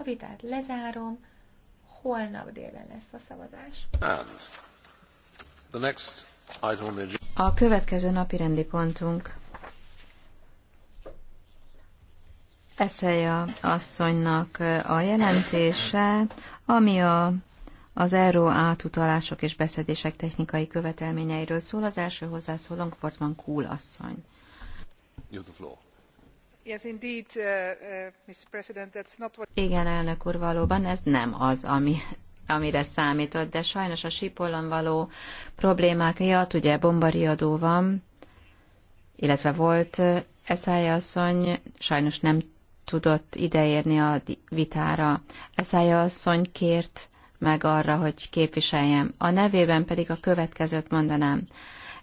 A vitát lezárom, holnap délen lesz a szavazás. A következő napi rendi pontunk Eszelja asszonynak a jelentése, ami a, az ERO átutalások és beszedések technikai követelményeiről szól. Az első hozzászólónk Portman Kúl asszony. You the floor. Uh, uh, Igen, elnök úr, valóban ez nem az, ami amire számított, de sajnos a sípolon való problémák miatt, ugye bombariadó van, illetve volt uh, Eszály asszony, sajnos nem tudott ideérni a vitára. Eszály asszony kért meg arra, hogy képviseljem. A nevében pedig a következőt mondanám.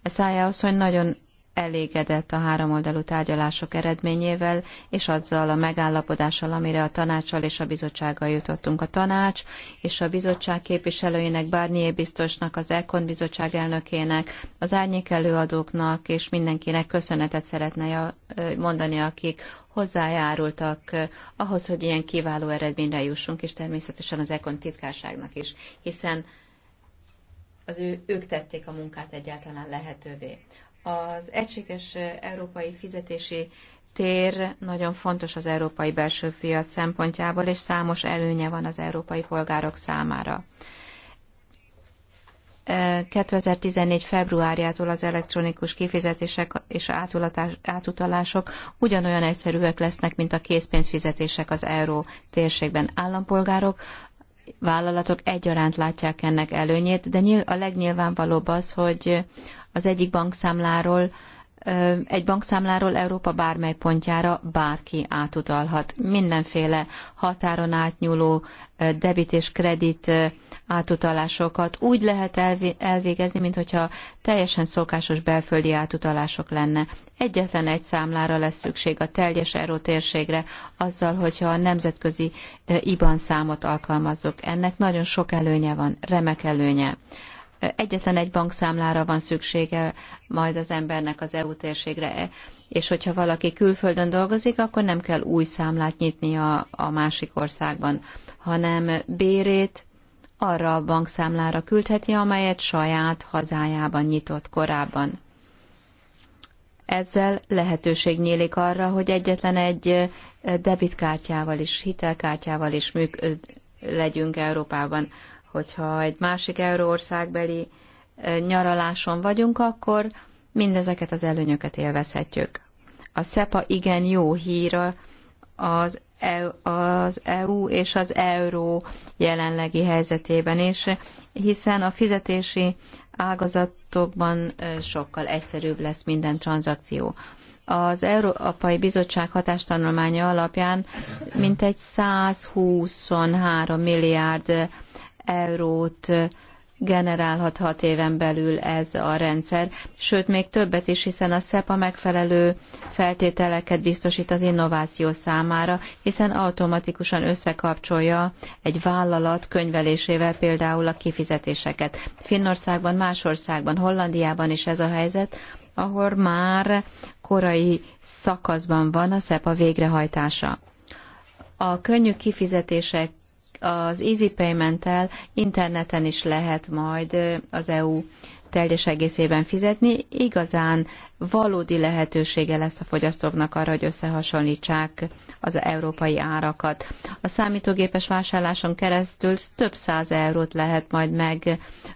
Eszály asszony nagyon elégedett a háromoldalú tárgyalások eredményével, és azzal a megállapodással, amire a tanácsal és a bizottsággal jutottunk. A tanács és a bizottság képviselőinek, Barnier biztosnak, az Ekon bizottság elnökének, az árnyék előadóknak és mindenkinek köszönetet szeretne mondani, akik hozzájárultak ahhoz, hogy ilyen kiváló eredményre jussunk, és természetesen az Ekon titkárságnak is, hiszen az ő, ők tették a munkát egyáltalán lehetővé. Az egységes európai fizetési tér nagyon fontos az európai belső piac szempontjából, és számos előnye van az európai polgárok számára. 2014. februárjától az elektronikus kifizetések és átutalások ugyanolyan egyszerűek lesznek, mint a készpénzfizetések az euró térségben. Állampolgárok, vállalatok egyaránt látják ennek előnyét, de a legnyilvánvalóbb az, hogy az egyik bankszámláról, egy bankszámláról Európa bármely pontjára bárki átutalhat. Mindenféle határon átnyúló debit és kredit átutalásokat úgy lehet elvégezni, mint hogyha teljesen szokásos belföldi átutalások lenne. Egyetlen egy számlára lesz szükség a teljes euró térségre, azzal, hogyha a nemzetközi IBAN számot alkalmazzuk. Ennek nagyon sok előnye van, remek előnye. Egyetlen egy bankszámlára van szüksége majd az embernek az EU térségre, és hogyha valaki külföldön dolgozik, akkor nem kell új számlát nyitni a, a másik országban, hanem bérét arra a bankszámlára küldheti, amelyet saját hazájában nyitott korábban. Ezzel lehetőség nyílik arra, hogy egyetlen egy debitkártyával is, hitelkártyával is műk- legyünk Európában hogyha egy másik euróországbeli nyaraláson vagyunk, akkor mindezeket az előnyöket élvezhetjük. A SEPA igen jó hír az EU, az EU és az euró jelenlegi helyzetében is, hiszen a fizetési ágazatokban sokkal egyszerűbb lesz minden tranzakció. Az Európai Bizottság hatástanulmánya alapján mintegy 123 milliárd eurót generálhat hat éven belül ez a rendszer, sőt még többet is, hiszen a SEPA megfelelő feltételeket biztosít az innováció számára, hiszen automatikusan összekapcsolja egy vállalat könyvelésével például a kifizetéseket. Finnországban, más országban, Hollandiában is ez a helyzet, ahol már korai szakaszban van a SEPA végrehajtása. A könnyű kifizetések az Easy Payment-tel interneten is lehet majd az EU teljes egészében fizetni. Igazán valódi lehetősége lesz a fogyasztóknak arra, hogy összehasonlítsák az európai árakat. A számítógépes vásárláson keresztül több száz eurót lehet majd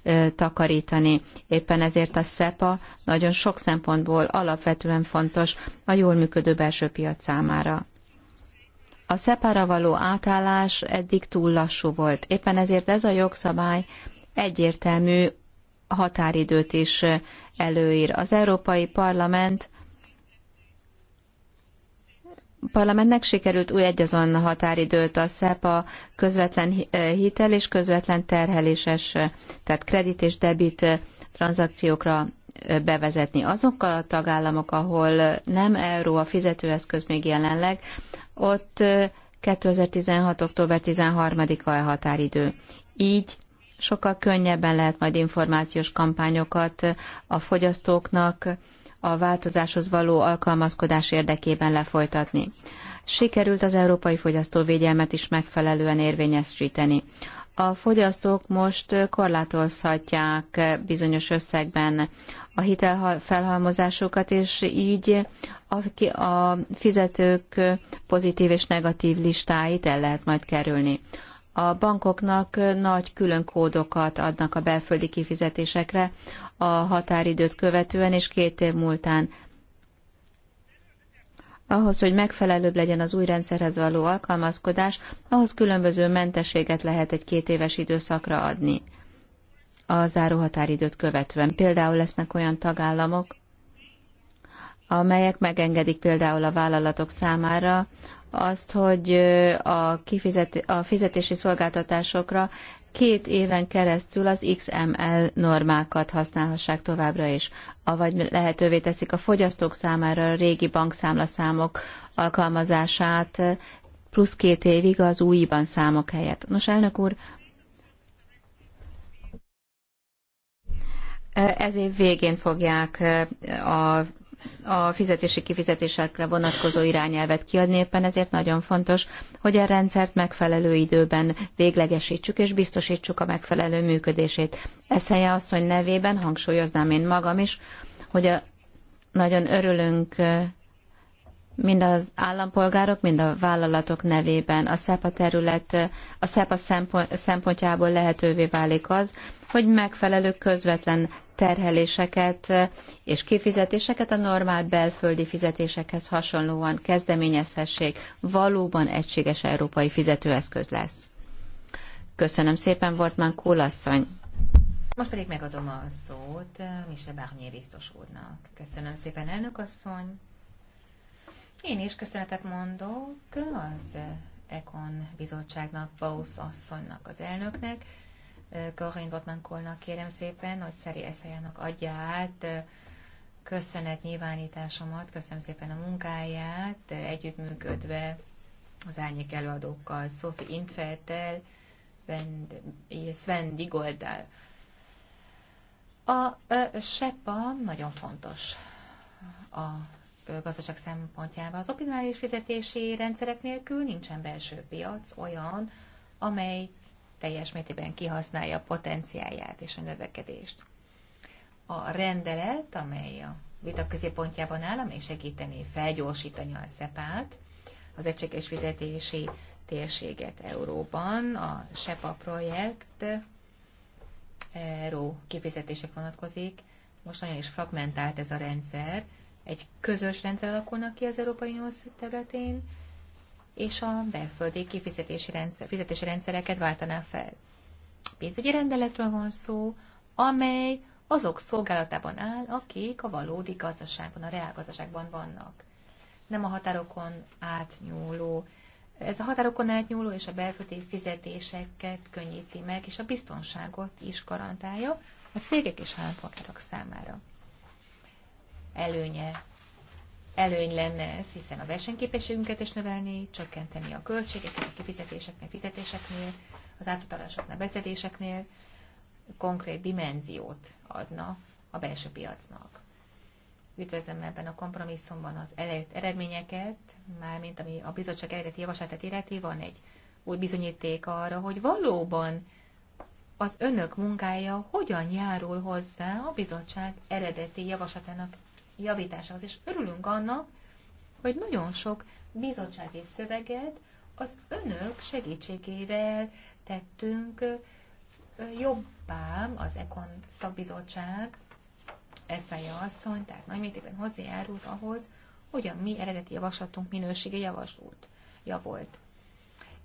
megtakarítani. Éppen ezért a SEPA nagyon sok szempontból alapvetően fontos a jól működő belső piac számára. A szepára való átállás eddig túl lassú volt. Éppen ezért ez a jogszabály egyértelmű határidőt is előír. Az Európai Parlament parlamentnek sikerült új egyazon határidőt a SEPA közvetlen eh, hitel és közvetlen terheléses, tehát kredit és debit tranzakciókra eh, bevezetni. Azokkal a tagállamok, ahol nem euró a fizetőeszköz még jelenleg, ott 2016. október 13-a a határidő. Így sokkal könnyebben lehet majd információs kampányokat a fogyasztóknak a változáshoz való alkalmazkodás érdekében lefolytatni. Sikerült az európai fogyasztóvédelmet is megfelelően érvényesíteni a fogyasztók most korlátozhatják bizonyos összegben a hitelfelhalmozásokat, és így a, a fizetők pozitív és negatív listáit el lehet majd kerülni. A bankoknak nagy külön kódokat adnak a belföldi kifizetésekre a határidőt követően és két év múltán ahhoz, hogy megfelelőbb legyen az új rendszerhez való alkalmazkodás, ahhoz különböző mentességet lehet egy két éves időszakra adni a záróhatáridőt követően. Például lesznek olyan tagállamok, amelyek megengedik például a vállalatok számára azt, hogy a, kifizet, a fizetési szolgáltatásokra két éven keresztül az XML normákat használhassák továbbra is, avagy lehetővé teszik a fogyasztók számára a régi bankszámlaszámok alkalmazását plusz két évig az új számok helyett. Nos, elnök úr, ez év végén fogják a a fizetési kifizetésekre vonatkozó irányelvet kiadni, éppen ezért nagyon fontos, hogy a rendszert megfelelő időben véglegesítsük és biztosítsuk a megfelelő működését. Eszelje asszony nevében hangsúlyoznám én magam is, hogy a, nagyon örülünk mind az állampolgárok, mind a vállalatok nevében. A SZEPA terület, a SZEPA szempontjából lehetővé válik az, hogy megfelelő közvetlen terheléseket eh, és kifizetéseket a normál belföldi fizetésekhez hasonlóan kezdeményezhessék. Valóban egységes európai fizetőeszköz lesz. Köszönöm szépen, Wortmann Kólasszony. Most pedig megadom a szót eh, Mise Barnier biztos úrnak. Köszönöm szépen, elnök asszony. Én is köszönetet mondok az eh, econ bizottságnak, Bausz asszonynak, az elnöknek, Garin Botmankolnak kérem szépen, hogy Szeri Eszajának adja át köszönet nyilvánításomat, köszönöm szépen a munkáját, együttműködve az árnyék előadókkal, Sophie Intfeltel, Sven Digoldal. A SEPA nagyon fontos a gazdaság szempontjában. Az optimális fizetési rendszerek nélkül nincsen belső piac olyan, amely teljes mértékben kihasználja a potenciáját és a növekedést. A rendelet, amely a vita középpontjában áll, amely segíteni, felgyorsítani a szepát, az egységes fizetési térséget Euróban, a SEPA projekt euró kifizetések vonatkozik. Most nagyon is fragmentált ez a rendszer. Egy közös rendszer alakulnak ki az Európai Unió területén, és a belföldi kifizetési rendszer, fizetési rendszereket váltaná fel. Pénzügyi rendeletről van szó, amely azok szolgálatában áll, akik a valódi gazdaságban, a reálgazdaságban vannak. Nem a határokon átnyúló, ez a határokon átnyúló és a belföldi fizetéseket könnyíti meg, és a biztonságot is garantálja a cégek és állampolgárok számára. Előnye előny lenne ez, hiszen a versenyképességünket is növelni, csökkenteni a költségeket a kifizetéseknél, fizetéseknél, az átutalásoknál, beszedéseknél, konkrét dimenziót adna a belső piacnak. Üdvözlöm ebben a kompromisszumban az elért eredményeket, mármint ami a bizottság eredeti javaslatát illeti, van egy új bizonyíték arra, hogy valóban az önök munkája hogyan járul hozzá a bizottság eredeti javaslatának javításához. És örülünk annak, hogy nagyon sok bizottsági szöveget az önök segítségével tettünk jobbá az Ekon szakbizottság, Eszája asszony, tehát nagy mértékben hozzájárult ahhoz, hogy a mi eredeti javaslatunk minősége javasult, javult.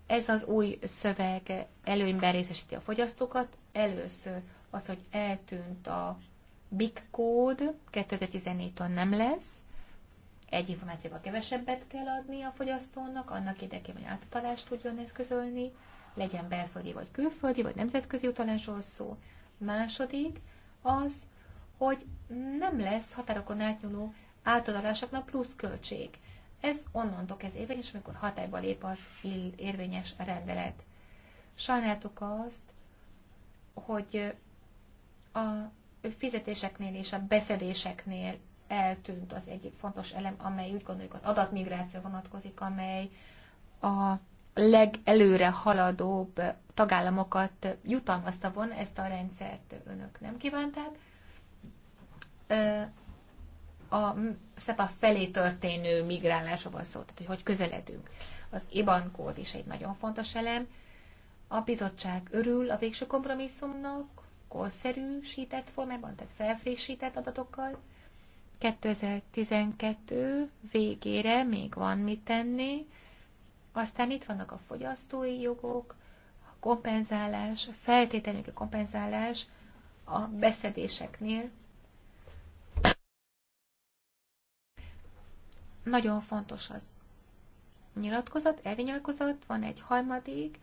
Ez az új szöveg előnyben részesíti a fogyasztókat. Először az, hogy eltűnt a big Code, 2014-től nem lesz, egy információval kevesebbet kell adni a fogyasztónak, annak érdekében, hogy átutalást tudjon eszközölni, legyen belföldi vagy külföldi, vagy nemzetközi utalásról szó. Második az, hogy nem lesz határokon átnyúló átadalásoknak plusz költség. Ez onnantól kezd érvényes, amikor hatályba lép az érvényes rendelet. Sajnáltuk azt, hogy a fizetéseknél és a beszedéseknél eltűnt az egyik fontos elem, amely úgy gondoljuk az adatmigráció vonatkozik, amely a legelőre haladóbb tagállamokat jutalmazta volna, ezt a rendszert önök nem kívánták. A SEPA felé történő migrálásra van szó, tehát hogy hogy közeledünk. Az IBAN kód is egy nagyon fontos elem. A bizottság örül a végső kompromisszumnak, korszerűsített formában, tehát felfrissített adatokkal. 2012 végére még van mit tenni, aztán itt vannak a fogyasztói jogok, a kompenzálás, feltétlenül a kompenzálás a beszedéseknél. Nagyon fontos az nyilatkozat, elvinyilatkozat, van egy harmadik,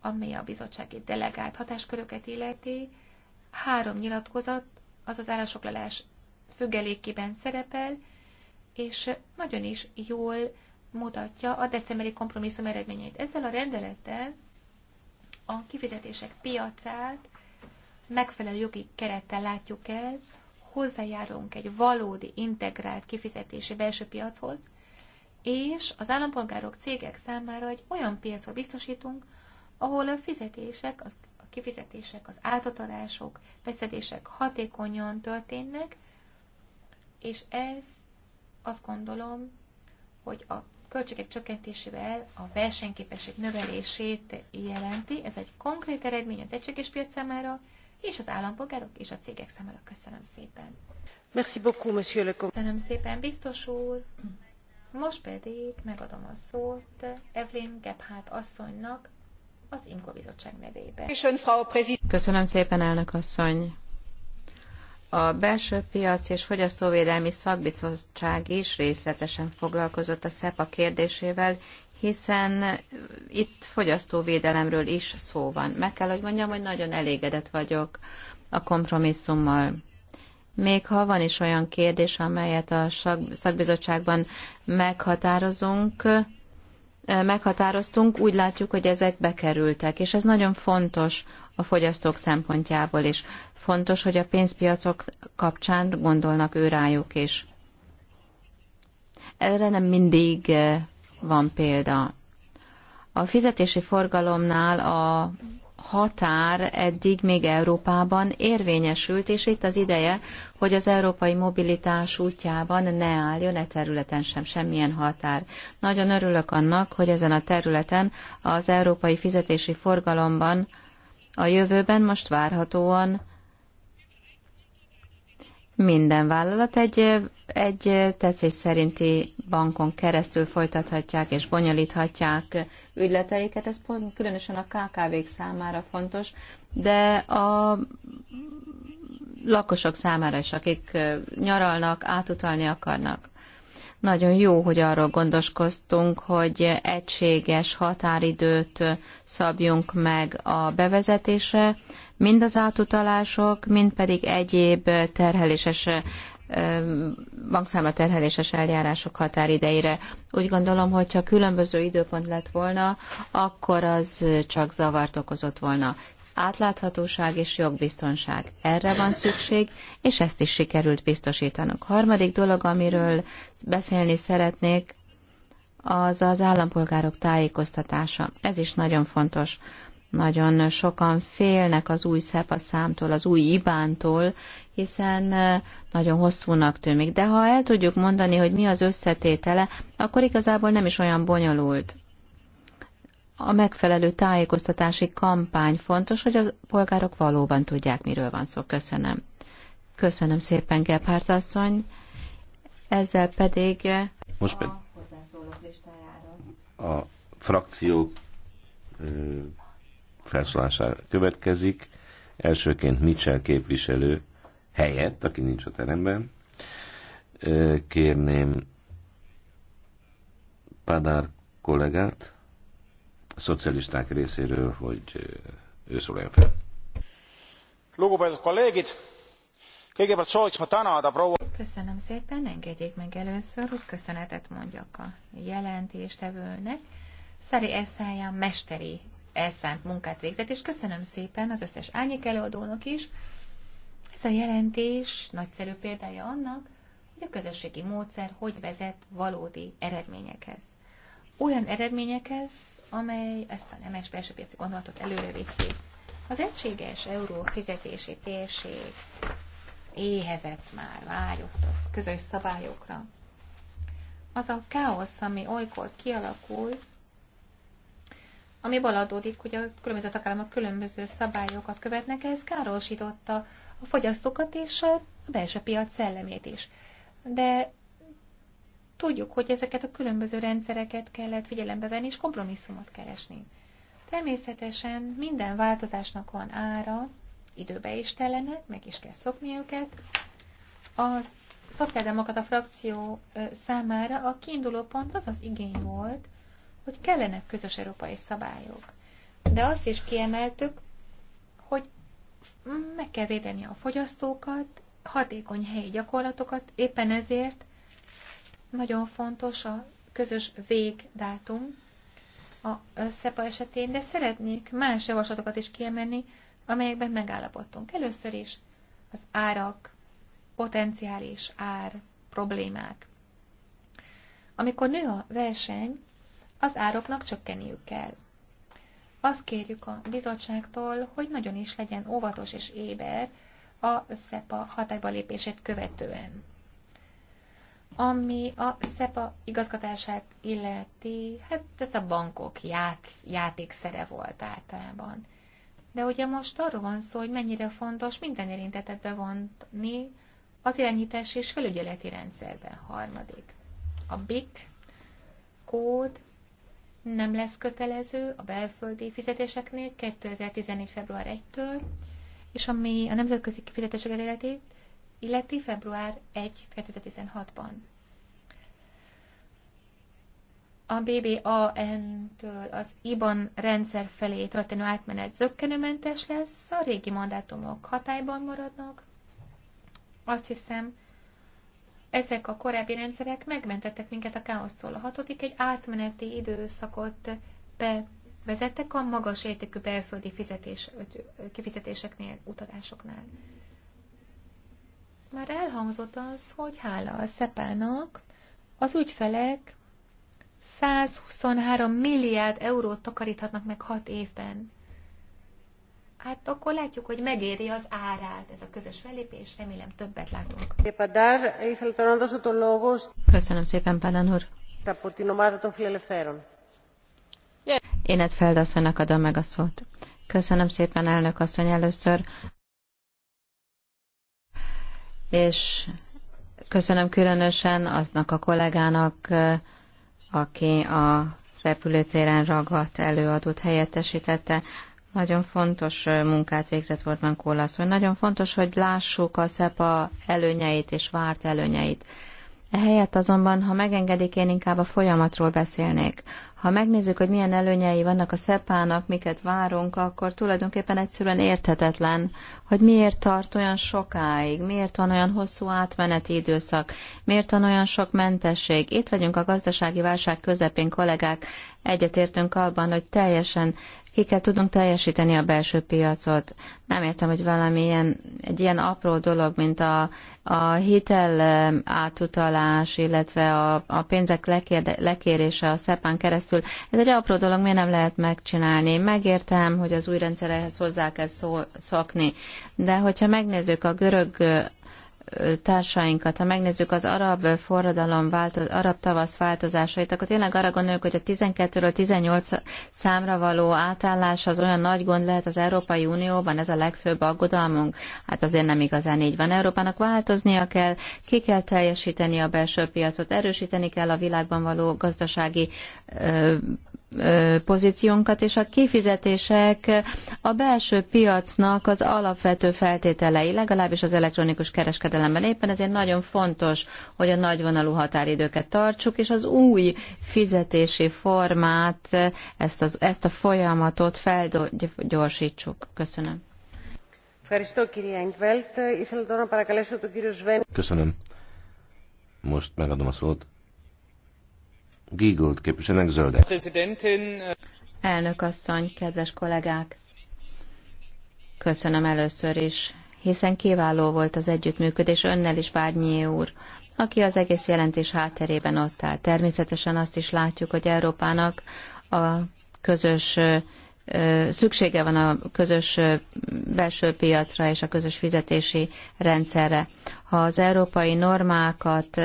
amely a bizottsági delegált hatásköröket illeti, Három nyilatkozat, az az állásoklalás függelékében szerepel, és nagyon is jól mutatja a decemberi kompromisszum eredményeit. Ezzel a rendelettel a kifizetések piacát megfelelő jogi kerettel látjuk el, hozzájárunk egy valódi integrált kifizetési belső piachoz, és az állampolgárok cégek számára egy olyan piacot biztosítunk, ahol a fizetések, az kifizetések, az átadások, beszedések hatékonyan történnek, és ez azt gondolom, hogy a költségek csökkentésével a versenyképesség növelését jelenti. Ez egy konkrét eredmény az egységes piac számára, és az állampolgárok és a cégek számára. Köszönöm szépen. Merci beaucoup, monsieur le Köszönöm szépen, biztos úr. Most pedig megadom a szót Evelyn Gebhardt asszonynak, az IMCO bizottság nevében. Köszönöm szépen, elnök asszony! A belső piac és fogyasztóvédelmi szakbizottság is részletesen foglalkozott a SEPA kérdésével, hiszen itt fogyasztóvédelemről is szó van. Meg kell, hogy mondjam, hogy nagyon elégedett vagyok a kompromisszummal. Még ha van is olyan kérdés, amelyet a szakbizottságban meghatározunk, Eh, meghatároztunk, úgy látjuk, hogy ezek bekerültek, és ez nagyon fontos a fogyasztók szempontjából is. Fontos, hogy a pénzpiacok kapcsán gondolnak ő rájuk is. Erre nem mindig eh, van példa. A fizetési forgalomnál a határ eddig még Európában érvényesült, és itt az ideje, hogy az európai mobilitás útjában ne álljon e területen sem semmilyen határ. Nagyon örülök annak, hogy ezen a területen az európai fizetési forgalomban a jövőben most várhatóan minden vállalat egy, egy tetszés szerinti bankon keresztül folytathatják és bonyolíthatják ügyleteiket. Ez pont, különösen a KKV-k számára fontos, de a lakosok számára is, akik nyaralnak, átutalni akarnak. Nagyon jó, hogy arról gondoskoztunk, hogy egységes határidőt szabjunk meg a bevezetésre, mind az átutalások, mind pedig egyéb terheléses bankszámla terheléses eljárások határideire. Úgy gondolom, hogyha különböző időpont lett volna, akkor az csak zavart okozott volna átláthatóság és jogbiztonság. Erre van szükség, és ezt is sikerült biztosítanunk. Harmadik dolog, amiről beszélni szeretnék, az az állampolgárok tájékoztatása. Ez is nagyon fontos. Nagyon sokan félnek az új SEPA számtól, az új IBÁN-tól, hiszen nagyon hosszúnak tűnik. De ha el tudjuk mondani, hogy mi az összetétele, akkor igazából nem is olyan bonyolult a megfelelő tájékoztatási kampány fontos, hogy a polgárok valóban tudják, miről van szó. Köszönöm. Köszönöm szépen, Gebhardt asszony. Ezzel pedig Most pedig a frakció felszólására következik. Elsőként Mitchell képviselő helyett, aki nincs a teremben. Kérném Padár kollégát, szocialisták részéről, hogy ő szóljon fel. Lugupeetud kollégid, kõigepealt tänada proua... Köszönöm szépen, engedjék meg először, hogy köszönetet mondjak a jelentéstevőnek. Szari Eszája mesteri elszánt munkát végzett, és köszönöm szépen az összes ányik előadónak is. Ez a jelentés nagyszerű példája annak, hogy a közösségi módszer hogy vezet valódi eredményekhez. Olyan eredményekhez, amely ezt a nemes belső piaci gondolatot előre viszi. Az egységes euró fizetési térség éhezett már, vágyott az közös szabályokra. Az a káosz, ami olykor kialakul, amiből adódik, hogy a különböző tagállamok különböző szabályokat követnek, ez károsította a fogyasztókat és a belső piac szellemét is. De Tudjuk, hogy ezeket a különböző rendszereket kellett figyelembe venni, és kompromisszumot keresni. Természetesen minden változásnak van ára, időbe is tellenek, meg is kell szokni őket. Az szociáldemokrata frakció számára a kiinduló pont az az igény volt, hogy kellenek közös európai szabályok. De azt is kiemeltük, hogy meg kell védeni a fogyasztókat, hatékony helyi gyakorlatokat, éppen ezért nagyon fontos a közös végdátum a SZEPA esetén, de szeretnék más javaslatokat is kiemelni, amelyekben megállapodtunk. Először is az árak, potenciális ár problémák. Amikor nő a verseny, az ároknak csökkenniük kell. Azt kérjük a bizottságtól, hogy nagyon is legyen óvatos és éber a SZEPA hatályba lépését követően. Ami a SEPA igazgatását illeti, hát ez a bankok játsz, játékszere volt általában. De ugye most arról van szó, hogy mennyire fontos minden érintetet bevonni az irányítás és felügyeleti rendszerben. Harmadik. A BIC kód nem lesz kötelező a belföldi fizetéseknél 2014. február 1-től, és ami a nemzetközi kifizetéseket illeti, illeti február 1 2016-ban. A BBAN-től az IBAN rendszer felé történő átmenet zöggenőmentes lesz, a régi mandátumok hatályban maradnak. Azt hiszem, ezek a korábbi rendszerek megmentettek minket a káosztól. A hatodik egy átmeneti időszakot bevezettek a magas értékű belföldi fizetés, kifizetéseknél, utalásoknál. Már elhangzott az, hogy hála a szepának az ügyfelek 123 milliárd eurót takaríthatnak meg 6 évben. Hát akkor látjuk, hogy megéri az árát ez a közös fellépés, remélem többet látunk. Köszönöm szépen, Padan úr. egy Feldasszonynak adom meg a szót. Köszönöm szépen, elnök asszony, először és köszönöm különösen aznak a kollégának, aki a repülőtéren ragadt előadót helyettesítette. Nagyon fontos munkát végzett Wortmann hogy Nagyon fontos, hogy lássuk a SEPA előnyeit és várt előnyeit. Ehelyett azonban, ha megengedik, én inkább a folyamatról beszélnék. Ha megnézzük, hogy milyen előnyei vannak a szepának, miket várunk, akkor tulajdonképpen egyszerűen érthetetlen, hogy miért tart olyan sokáig, miért van olyan hosszú átmeneti időszak, miért van olyan sok mentesség. Itt vagyunk a gazdasági válság közepén, kollégák, egyetértünk abban, hogy teljesen ki kell tudnunk teljesíteni a belső piacot. Nem értem, hogy ilyen, egy ilyen apró dolog, mint a a hitel átutalás, illetve a, a pénzek lekérde, lekérése a SZEPÁN keresztül, ez egy apró dolog, miért nem lehet megcsinálni? Megértem, hogy az új rendszerhez hozzá kell szó, szokni, de hogyha megnézzük a görög társainkat, ha megnézzük az arab forradalom, változ, arab tavasz változásait, akkor tényleg arra gondoljuk, hogy a 12-ről 18 számra való átállás az olyan nagy gond lehet az Európai Unióban, ez a legfőbb aggodalmunk. Hát azért nem igazán így van. Európának változnia kell, ki kell teljesíteni a belső piacot, erősíteni kell a világban való gazdasági ö, pozíciónkat, és a kifizetések a belső piacnak az alapvető feltételei, legalábbis az elektronikus kereskedelemben. Éppen ezért nagyon fontos, hogy a nagyvonalú határidőket tartsuk, és az új fizetési formát, ezt, az, ezt a folyamatot felgyorsítsuk. Köszönöm. Köszönöm. Most megadom a szót Giggold zöldek. Elnök asszony, kedves kollégák! Köszönöm először is, hiszen kiváló volt az együttműködés önnel is, Bárnyi úr, aki az egész jelentés hátterében ott áll. Természetesen azt is látjuk, hogy Európának a közös szüksége van a közös belső piacra és a közös fizetési rendszerre. Ha az európai normákat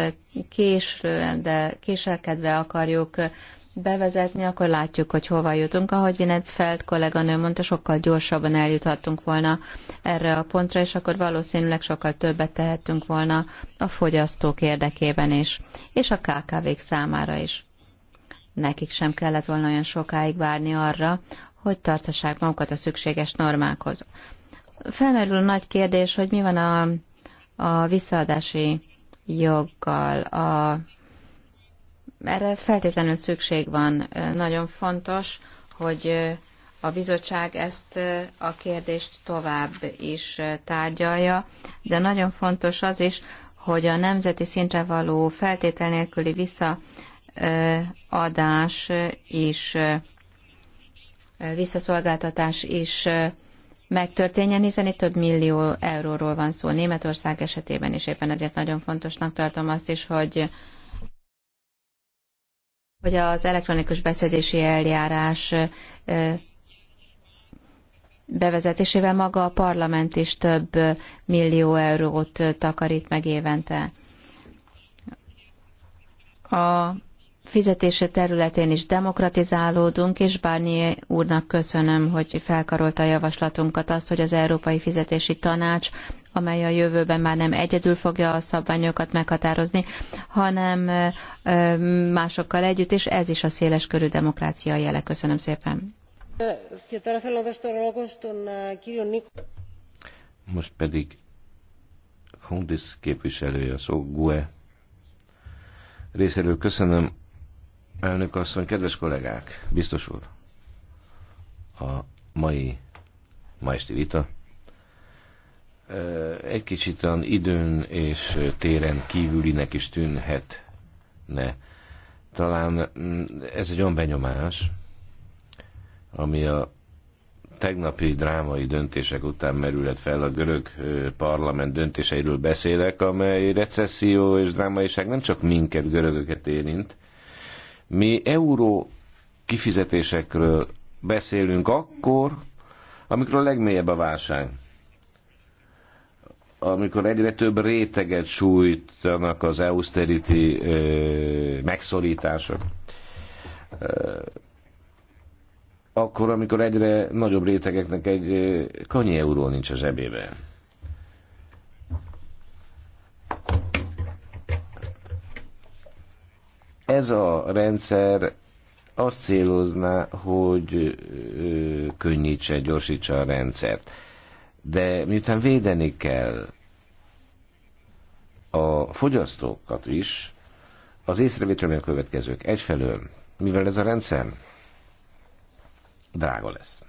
későn, de késelkedve akarjuk bevezetni, akkor látjuk, hogy hova jutunk. Ahogy Vinet felt. kolléganő mondta, sokkal gyorsabban eljuthattunk volna erre a pontra, és akkor valószínűleg sokkal többet tehettünk volna a fogyasztók érdekében is, és a KKV-k számára is. Nekik sem kellett volna olyan sokáig várni arra, hogy tartassák magukat a szükséges normákhoz. Felmerül a nagy kérdés, hogy mi van a, a visszaadási joggal. A, erre feltétlenül szükség van. Nagyon fontos, hogy a bizottság ezt a kérdést tovább is tárgyalja, de nagyon fontos az is, hogy a nemzeti szintre való feltétel nélküli visszaadás is visszaszolgáltatás is megtörténjen, hiszen itt több millió euróról van szó Németország esetében, és éppen ezért nagyon fontosnak tartom azt is, hogy hogy az elektronikus beszedési eljárás bevezetésével maga a parlament is több millió eurót takarít meg évente. A fizetése területén is demokratizálódunk, és Barnier úrnak köszönöm, hogy felkarolta a javaslatunkat azt, hogy az Európai Fizetési Tanács, amely a jövőben már nem egyedül fogja a szabványokat meghatározni, hanem másokkal együtt, és ez is a széles körű demokrácia jele. Köszönöm szépen. Most pedig Hundis képviselője, szó GUE részéről köszönöm Elnök asszony, kedves kollégák, biztos úr, a mai, ma esti vita egy kicsit olyan időn és téren kívülinek is tűnhetne. Talán mm, ez egy olyan benyomás, ami a tegnapi drámai döntések után merülhet fel a görög parlament döntéseiről beszélek, amely recesszió és drámaiság nem csak minket, görögöket érint, mi euró kifizetésekről beszélünk akkor, amikor a legmélyebb a válság. Amikor egyre több réteget sújtanak az austerity ö, megszorítások. akkor, amikor egyre nagyobb rétegeknek egy kanyi euró nincs a zsebében. Ez a rendszer azt célozná, hogy könnyítse, gyorsítsa a rendszert. De miután védeni kell a fogyasztókat is, az észrevétel a következők. Egyfelől, mivel ez a rendszer drága lesz.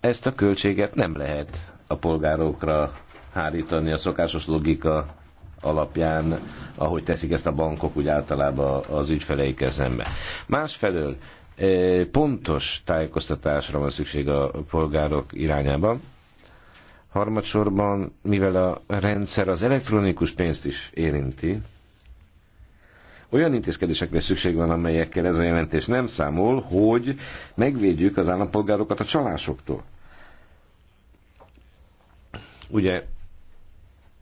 Ezt a költséget nem lehet a polgárokra hárítani a szokásos logika alapján, ahogy teszik ezt a bankok úgy általában az ügyfelei kezembe. Másfelől eh, pontos tájékoztatásra van szükség a polgárok irányában. Harmadsorban, mivel a rendszer az elektronikus pénzt is érinti, olyan intézkedésekre szükség van, amelyekkel ez a jelentés nem számol, hogy megvédjük az állampolgárokat a csalásoktól. Ugye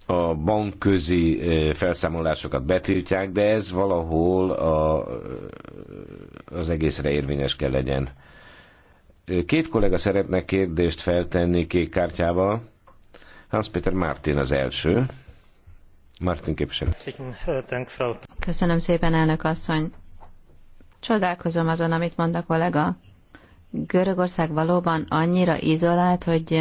a bankközi felszámolásokat betiltják, de ez valahol a, az egészre érvényes kell legyen. Két kollega szeretne kérdést feltenni kék kártyával. Hans-Peter Martin az első. Martin képviselő. Köszönöm szépen, elnök asszony. Csodálkozom azon, amit mond a kollega. Görögország valóban annyira izolált, hogy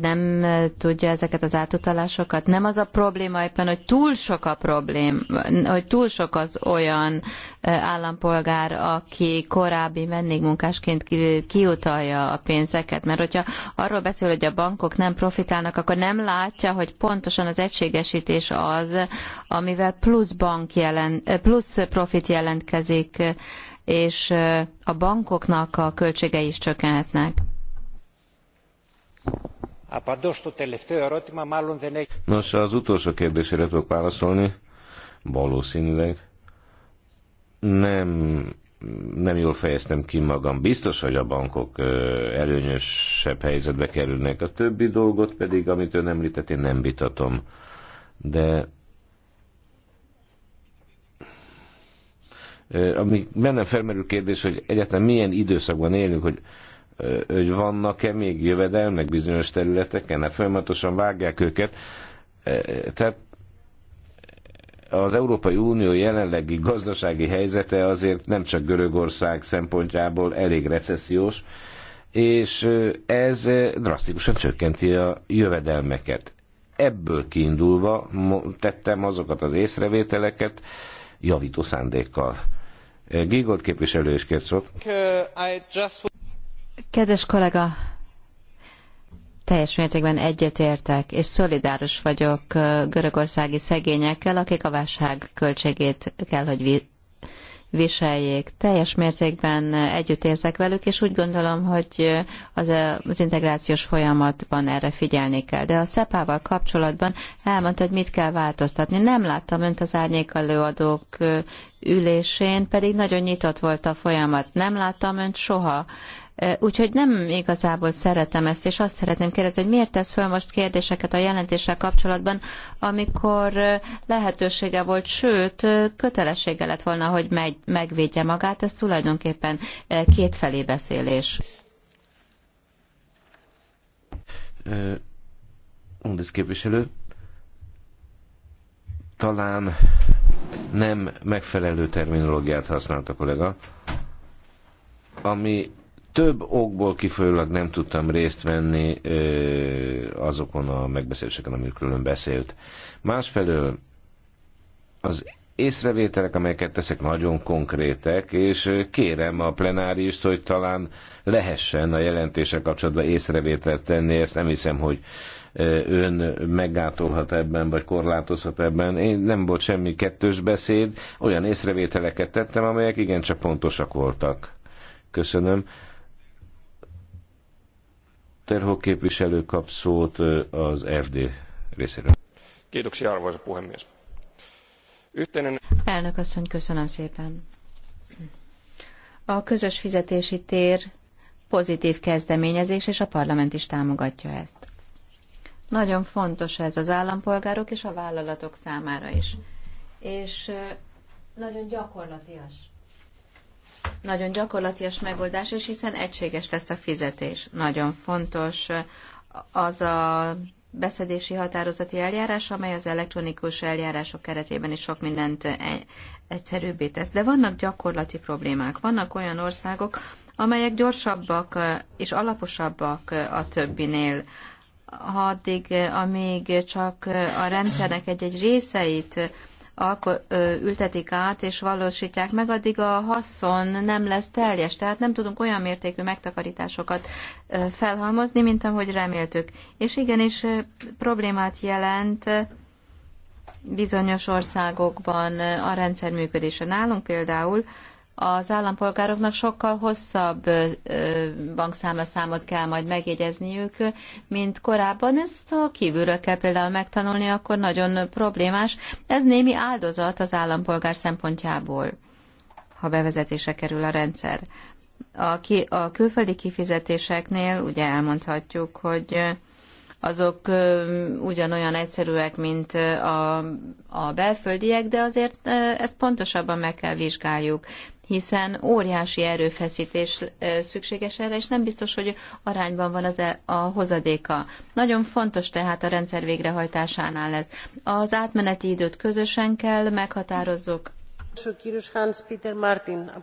nem tudja ezeket az átutalásokat. Nem az a probléma éppen, hogy túl sok a problém, hogy túl sok az olyan állampolgár, aki korábbi vendégmunkásként kiutalja a pénzeket. Mert hogyha arról beszél, hogy a bankok nem profitálnak, akkor nem látja, hogy pontosan az egységesítés az, amivel plusz, bank jelent, plusz profit jelentkezik, és a bankoknak a költségei is csökkenhetnek. Nos, az utolsó kérdésére tudok válaszolni. Valószínűleg nem, nem jól fejeztem ki magam. Biztos, hogy a bankok előnyösebb helyzetbe kerülnek. A többi dolgot pedig, amit ön említett, én nem vitatom. De ami bennem felmerül kérdés, hogy egyáltalán milyen időszakban élünk, hogy hogy vannak-e még jövedelmek bizonyos területeken, hát folyamatosan vágják őket. E, tehát az Európai Unió jelenlegi gazdasági helyzete azért nem csak Görögország szempontjából elég recessziós, és ez drasztikusan csökkenti a jövedelmeket. Ebből kiindulva tettem azokat az észrevételeket javító szándékkal. Gigold képviselő is kért szót. Uh, Kedves kollega, teljes mértékben egyetértek, és szolidáros vagyok görögországi szegényekkel, akik a válság költségét kell, hogy viseljék. Teljes mértékben együtt érzek velük, és úgy gondolom, hogy az, az integrációs folyamatban erre figyelni kell. De a SZEPÁ-val kapcsolatban elmondta, hogy mit kell változtatni. Nem láttam önt az árnyék előadók ülésén, pedig nagyon nyitott volt a folyamat. Nem láttam önt soha Úgyhogy nem igazából szeretem ezt, és azt szeretném kérdezni, hogy miért tesz föl most kérdéseket a jelentéssel kapcsolatban, amikor lehetősége volt, sőt, kötelessége lett volna, hogy megy, megvédje magát, ez tulajdonképpen kétfelé beszélés. Mondasz képviselő, talán nem megfelelő terminológiát használt a kollega, ami több okból kifolyólag nem tudtam részt venni azokon a megbeszéléseken, amikről ön beszélt. Másfelől az észrevételek, amelyeket teszek, nagyon konkrétek, és kérem a plenárist, hogy talán lehessen a jelentések kapcsolatban észrevételt tenni, ezt nem hiszem, hogy ön meggátolhat ebben, vagy korlátozhat ebben. Én nem volt semmi kettős beszéd, olyan észrevételeket tettem, amelyek igencsak pontosak voltak. Köszönöm. Terho képviselő kap szót az FD részéről. Kiitoksia, arvoisa puhemies. Yhteinen... Elnök asszony, köszönöm szépen. A közös fizetési tér pozitív kezdeményezés, és a parlament is támogatja ezt. Nagyon fontos ez az állampolgárok és a vállalatok számára is. És nagyon gyakorlatias nagyon gyakorlatias megoldás, és hiszen egységes lesz a fizetés. Nagyon fontos az a beszedési határozati eljárás, amely az elektronikus eljárások keretében is sok mindent e- egyszerűbbé tesz. De vannak gyakorlati problémák. Vannak olyan országok, amelyek gyorsabbak és alaposabbak a többinél. Addig, amíg csak a rendszernek egy-egy részeit ültetik át és valósítják meg, addig a haszon nem lesz teljes. Tehát nem tudunk olyan mértékű megtakarításokat felhalmozni, mint ahogy reméltük. És igenis problémát jelent bizonyos országokban a rendszer működése. Nálunk például az állampolgároknak sokkal hosszabb bankszámlaszámot kell majd megjegyezniük, mint korábban. Ezt ha kívülről kell például megtanulni, akkor nagyon problémás. Ez némi áldozat az állampolgár szempontjából, ha bevezetése kerül a rendszer. A, ki, a külföldi kifizetéseknél ugye elmondhatjuk, hogy azok ugyanolyan egyszerűek, mint a, a belföldiek, de azért ezt pontosabban meg kell vizsgáljuk hiszen óriási erőfeszítés szükséges erre, és nem biztos, hogy arányban van az e, a hozadéka. Nagyon fontos tehát a rendszer végrehajtásánál ez. Az átmeneti időt közösen kell meghatározzuk.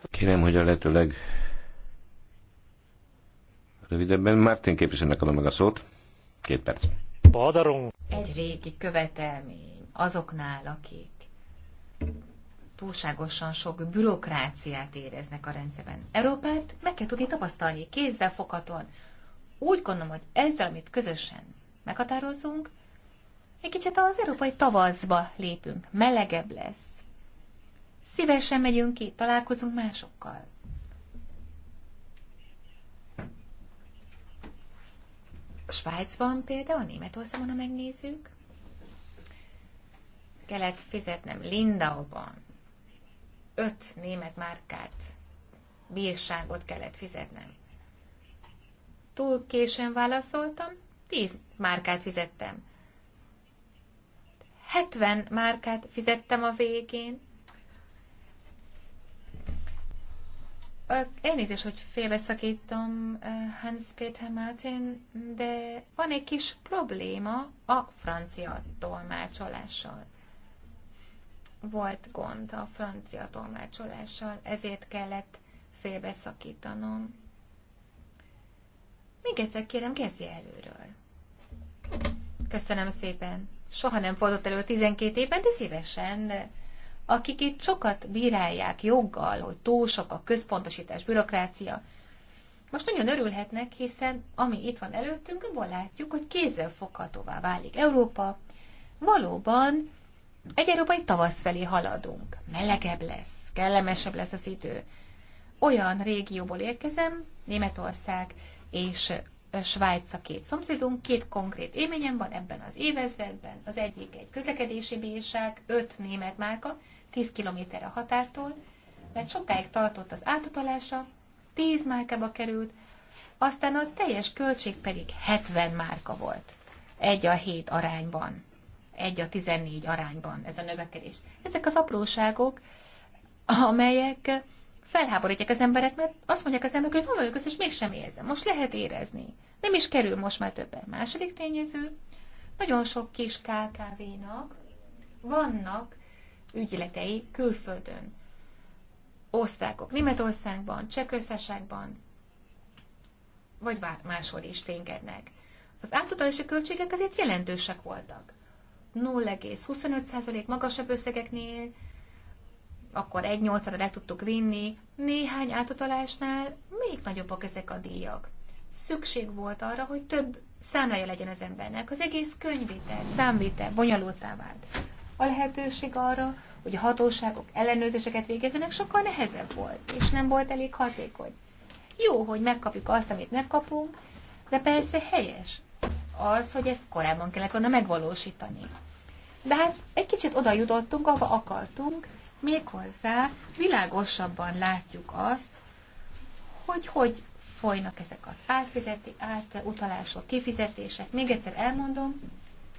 Kérem, hogy a lehetőleg rövidebben Martin képviselnek adom meg a szót. Két perc. Badarunk. Egy régi követelmény azoknál, akik túlságosan sok bürokráciát éreznek a rendszerben. Európát meg kell tudni tapasztalni, kézzel foghatóan. Úgy gondolom, hogy ezzel, amit közösen meghatározunk, egy kicsit az európai tavaszba lépünk, melegebb lesz. Szívesen megyünk ki, találkozunk másokkal. Svájcban például, Németországon, ha megnézzük, kellett fizetnem Lindauban, öt német márkát, bírságot kellett fizetnem. Túl későn válaszoltam, tíz márkát fizettem. 70 márkát fizettem a végén. Elnézést, hogy félbeszakítom Hans Peter Martin, de van egy kis probléma a francia tolmácsolással volt gond a francia tolmácsolással, ezért kellett félbeszakítanom. Még egyszer kérem, kezdje előről. Köszönöm szépen. Soha nem fordult elő 12 évben, de szívesen. Akik itt sokat bírálják joggal, hogy túl sok a központosítás, bürokrácia, most nagyon örülhetnek, hiszen ami itt van előttünk, abban látjuk, hogy foghatóvá válik Európa. Valóban egy európai tavasz felé haladunk. Melegebb lesz, kellemesebb lesz az idő. Olyan régióból érkezem, Németország és Svájc a két szomszédunk, két konkrét élményem van ebben az évezredben. Az egyik egy közlekedési bírság, öt német márka, 10 kilométer a határtól, mert sokáig tartott az átutalása, 10 márkába került, aztán a teljes költség pedig 70 márka volt, egy a hét arányban. 1 a 14 arányban ez a növekedés. Ezek az apróságok, amelyek felháborítják az emberek, mert azt mondják az emberek, hogy van vagyok és mégsem érzem. Most lehet érezni. Nem is kerül most már többen. Második tényező, nagyon sok kis KKV-nak vannak ügyletei külföldön. Osztrákok, Németországban, Csehköztárságban, vagy máshol is ténykednek. Az átutalási költségek azért jelentősek voltak. 0,25% magasabb összegeknél, akkor 1,8-ra le tudtuk vinni, néhány átutalásnál még nagyobbak ezek a díjak. Szükség volt arra, hogy több számlája legyen az embernek. Az egész könyvvitel, számvitel bonyolultá vált. A lehetőség arra, hogy a hatóságok ellenőrzéseket végezzenek, sokkal nehezebb volt, és nem volt elég hatékony. Jó, hogy megkapjuk azt, amit megkapunk, de persze helyes az, hogy ezt korábban kellett volna megvalósítani de hát egy kicsit oda jutottunk, ahova akartunk, méghozzá világosabban látjuk azt, hogy hogy folynak ezek az átfizeti, átutalások, kifizetések. Még egyszer elmondom,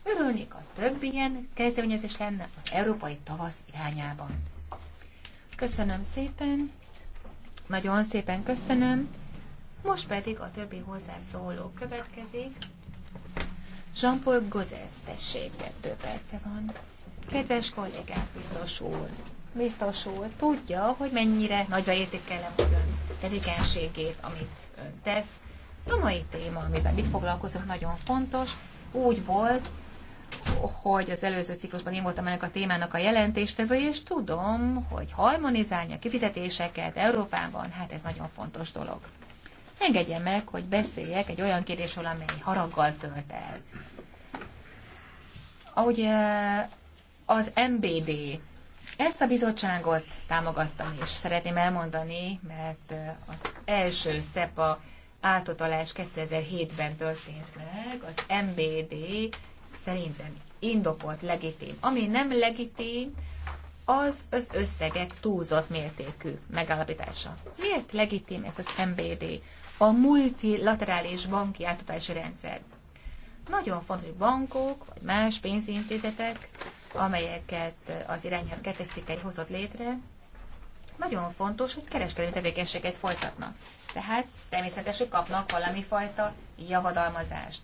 örülnék a több ilyen kezdeményezés lenne az európai tavasz irányában. Köszönöm szépen, nagyon szépen köszönöm. Most pedig a többi hozzászóló következik. Jean-Paul Gozes, tessék, kettő perce van. Kedves kollégám, biztos úr, biztos úr, tudja, hogy mennyire nagyra értékelem az ön tevékenységét, amit ön tesz. A mai téma, amiben mi foglalkozunk, nagyon fontos. Úgy volt, hogy az előző ciklusban én voltam ennek a témának a jelentéstevő, és tudom, hogy harmonizálni a kifizetéseket Európában, hát ez nagyon fontos dolog engedje meg, hogy beszéljek egy olyan kérdésről, amely haraggal tölt el. Ahogy eh, az MBD, ezt a bizottságot támogattam, és szeretném elmondani, mert eh, az első SZEPA átutalás 2007-ben történt meg, az MBD szerintem indokolt, legitim. Ami nem legitim, az az összegek túlzott mértékű megállapítása. Miért legitim ez az MBD? a multilaterális banki átutási rendszer. Nagyon fontos, hogy bankok vagy más pénzintézetek, amelyeket az irányelv kettes cikkei hozott létre, nagyon fontos, hogy kereskedelmi tevékenységet folytatnak. Tehát természetesen hogy kapnak valami fajta javadalmazást.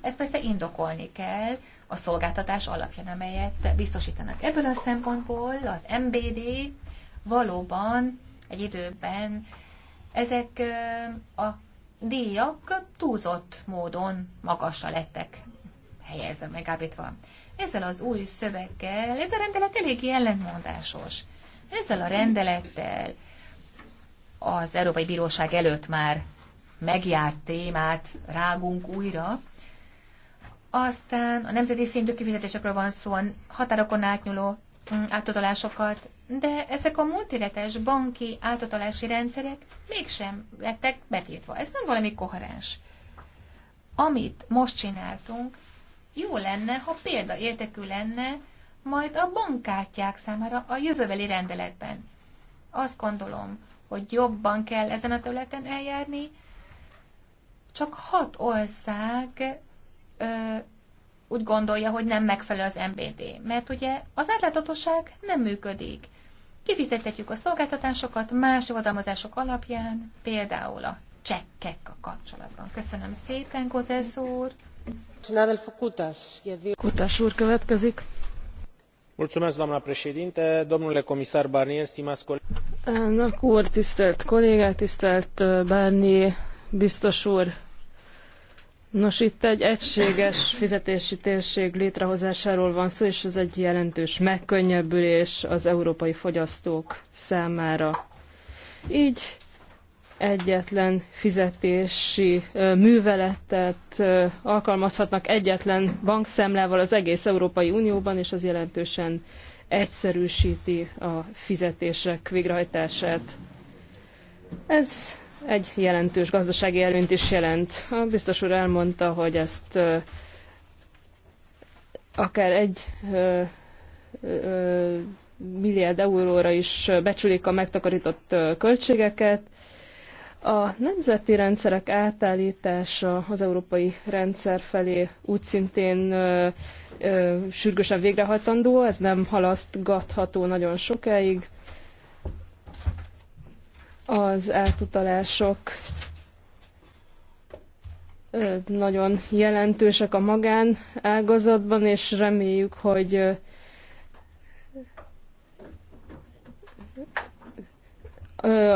Ezt persze indokolni kell a szolgáltatás alapján, amelyet biztosítanak. Ebből a szempontból az MBD valóban egy időben ezek a díjak túlzott módon magasra lettek helyezve, megállítva. Ezzel az új szöveggel, ez a rendelet eléggé ellentmondásos. Ezzel a rendelettel az Európai Bíróság előtt már megjárt témát rágunk újra, aztán a nemzeti szintű kifizetésekről van szó, a határokon átnyúló mm, átutalásokat de ezek a multiletes banki átutalási rendszerek mégsem lettek betiltva. Ez nem valami koherens. Amit most csináltunk, jó lenne, ha példaértekű lenne majd a bankkártyák számára a jövőbeli rendeletben. Azt gondolom, hogy jobban kell ezen a területen eljárni, csak hat ország ö, úgy gondolja, hogy nem megfelelő az MBD, mert ugye az átláthatóság nem működik. Kifizetetjük a szolgáltatásokat más oldalmazások alapján, például a csekkek a kapcsolatban. Köszönöm szépen, Gozesz úr! Kutas úr következik. Mulțumesc, doamna președinte, domnule comisar Barnier, stimați colegi. Elnök úr, tisztelt kollégák, tisztelt uh, Barnier, biztos úr! Nos, itt egy egységes fizetési térség létrehozásáról van szó, és ez egy jelentős megkönnyebbülés az európai fogyasztók számára. Így egyetlen fizetési műveletet alkalmazhatnak egyetlen bankszámlával az egész Európai Unióban, és az jelentősen egyszerűsíti a fizetések végrehajtását. Ez egy jelentős gazdasági előnyt is jelent. A biztos úr elmondta, hogy ezt akár egy milliárd euróra is becsülik a megtakarított költségeket. A nemzeti rendszerek átállítása az európai rendszer felé úgy szintén sürgősen végrehajtandó, ez nem halasztgatható nagyon sokáig az átutalások nagyon jelentősek a magán ágazatban, és reméljük, hogy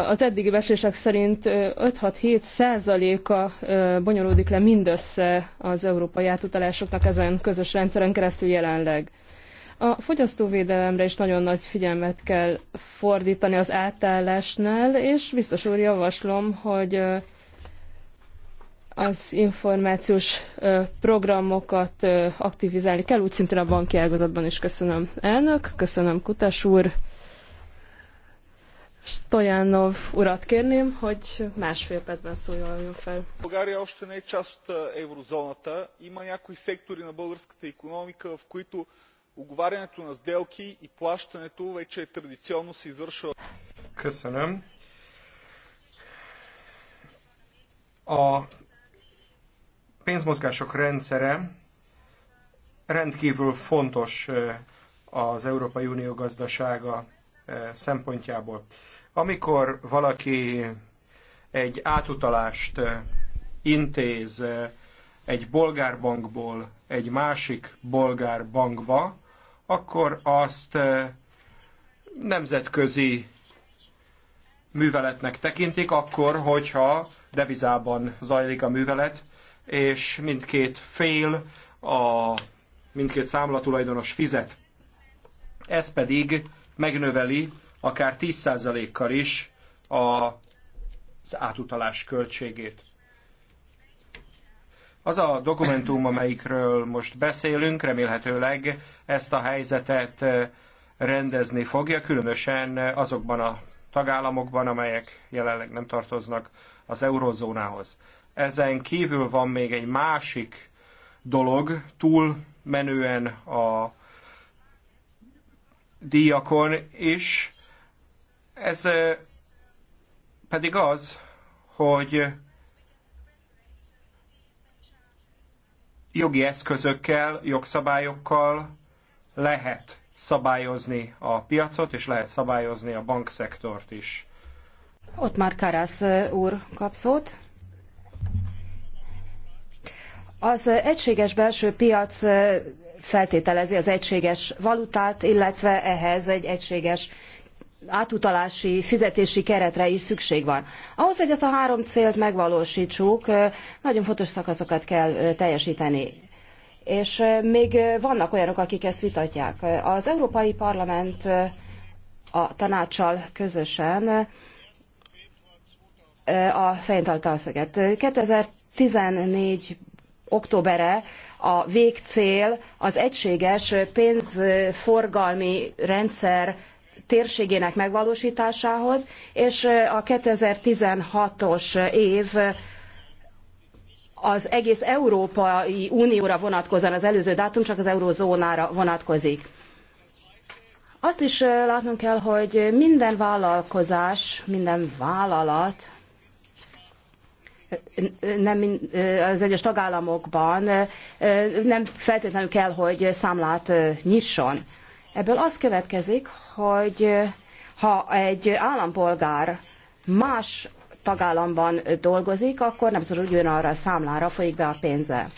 az eddigi beszések szerint 5-6-7 százaléka bonyolódik le mindössze az európai átutalásoknak ezen közös rendszeren keresztül jelenleg. A fogyasztóvédelemre is nagyon nagy figyelmet kell fordítani az átállásnál, és biztos úr javaslom, hogy az információs programokat aktivizálni kell, úgy szintén a banki ágazatban is köszönöm elnök, köszönöm Kutas úr. Stojanov urat kérném, hogy másfél percben szóljon fel. Bulgária още не е част от еврозоната. Има някои сектори на българската економика, в които Уговарянето на сделки и плащането вече традиционно се извършва. Köszönöm. A pénzmozgások rendszere rendkívül fontos eh, az Európai Unió gazdasága eh, szempontjából. Amikor valaki egy átutalást eh, intéz egy bolgárbankból egy másik bolgár bankba, akkor azt eh, nemzetközi műveletnek tekintik, akkor, hogyha devizában zajlik a művelet, és mindkét fél, a, mindkét számlatulajdonos fizet. Ez pedig megnöveli akár 10%-kal is a, az átutalás költségét. Az a dokumentum, amelyikről most beszélünk, remélhetőleg ezt a helyzetet rendezni fogja, különösen azokban a tagállamokban, amelyek jelenleg nem tartoznak az eurozónához. Ezen kívül van még egy másik dolog, túl menően a díjakon is, ez pedig az, hogy jogi eszközökkel, jogszabályokkal lehet szabályozni a piacot, és lehet szabályozni a bankszektort is. Ott már Karász úr kap szót. Az egységes belső piac feltételezi az egységes valutát, illetve ehhez egy egységes átutalási, fizetési keretre is szükség van. Ahhoz, hogy ezt a három célt megvalósítsuk, nagyon fontos szakaszokat kell teljesíteni. És még vannak olyanok, akik ezt vitatják. Az Európai Parlament a tanácssal közösen a a szöget. 2014 októbere a végcél az egységes pénzforgalmi rendszer térségének megvalósításához, és a 2016-os év az egész Európai Unióra vonatkozóan az előző dátum csak az eurózónára vonatkozik. Azt is látnunk kell, hogy minden vállalkozás, minden vállalat nem, az egyes tagállamokban nem feltétlenül kell, hogy számlát nyisson. Ebből az következik, hogy eh, ha egy állampolgár más tagállamban dolgozik, akkor nem szorul ugyanarra a számlára folyik be a pénze.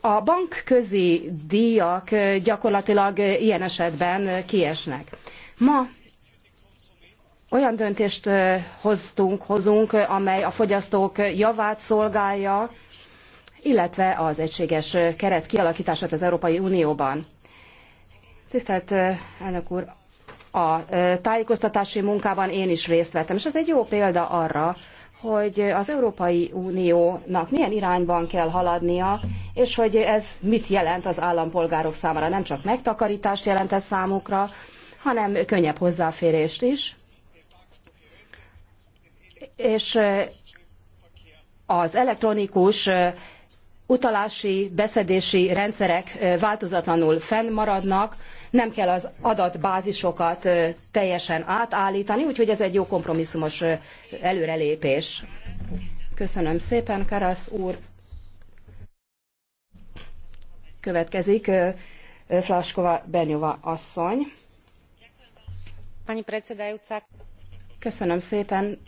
A bankközi díjak eh, gyakorlatilag eh, ilyen esetben kiesnek. Ma olyan döntést hoztunk, hozunk, amely a fogyasztók javát szolgálja, illetve az egységes keret kialakítását az Európai Unióban. Tisztelt elnök úr, a tájékoztatási munkában én is részt vettem, és ez egy jó példa arra, hogy az Európai Uniónak milyen irányban kell haladnia, és hogy ez mit jelent az állampolgárok számára. Nem csak megtakarítást jelent ez számukra, hanem könnyebb hozzáférést is. És az elektronikus utalási, beszedési rendszerek változatlanul fennmaradnak, nem kell az adatbázisokat teljesen átállítani, úgyhogy ez egy jó kompromisszumos előrelépés. Köszönöm szépen, Karasz úr. Következik Flaskova Benyova asszony. Pani predsedajúca. Köszönöm szépen,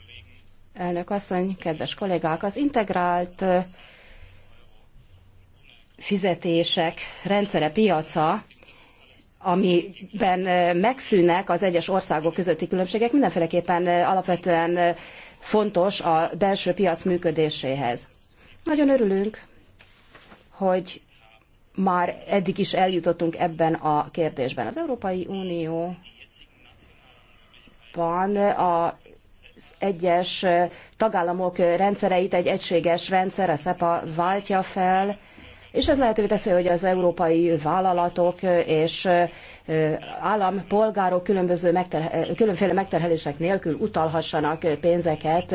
elnök asszony, kedves kollégák. Az integrált fizetések rendszere, piaca, amiben megszűnnek az egyes országok közötti különbségek, mindenféleképpen alapvetően fontos a belső piac működéséhez. Nagyon örülünk, hogy már eddig is eljutottunk ebben a kérdésben. Az Európai Unióban a egyes tagállamok rendszereit egy egységes rendszer, a SEPA váltja fel, és ez lehetővé teszi, hogy az európai vállalatok és állampolgárok különböző megterhe- különféle megterhelések nélkül utalhassanak pénzeket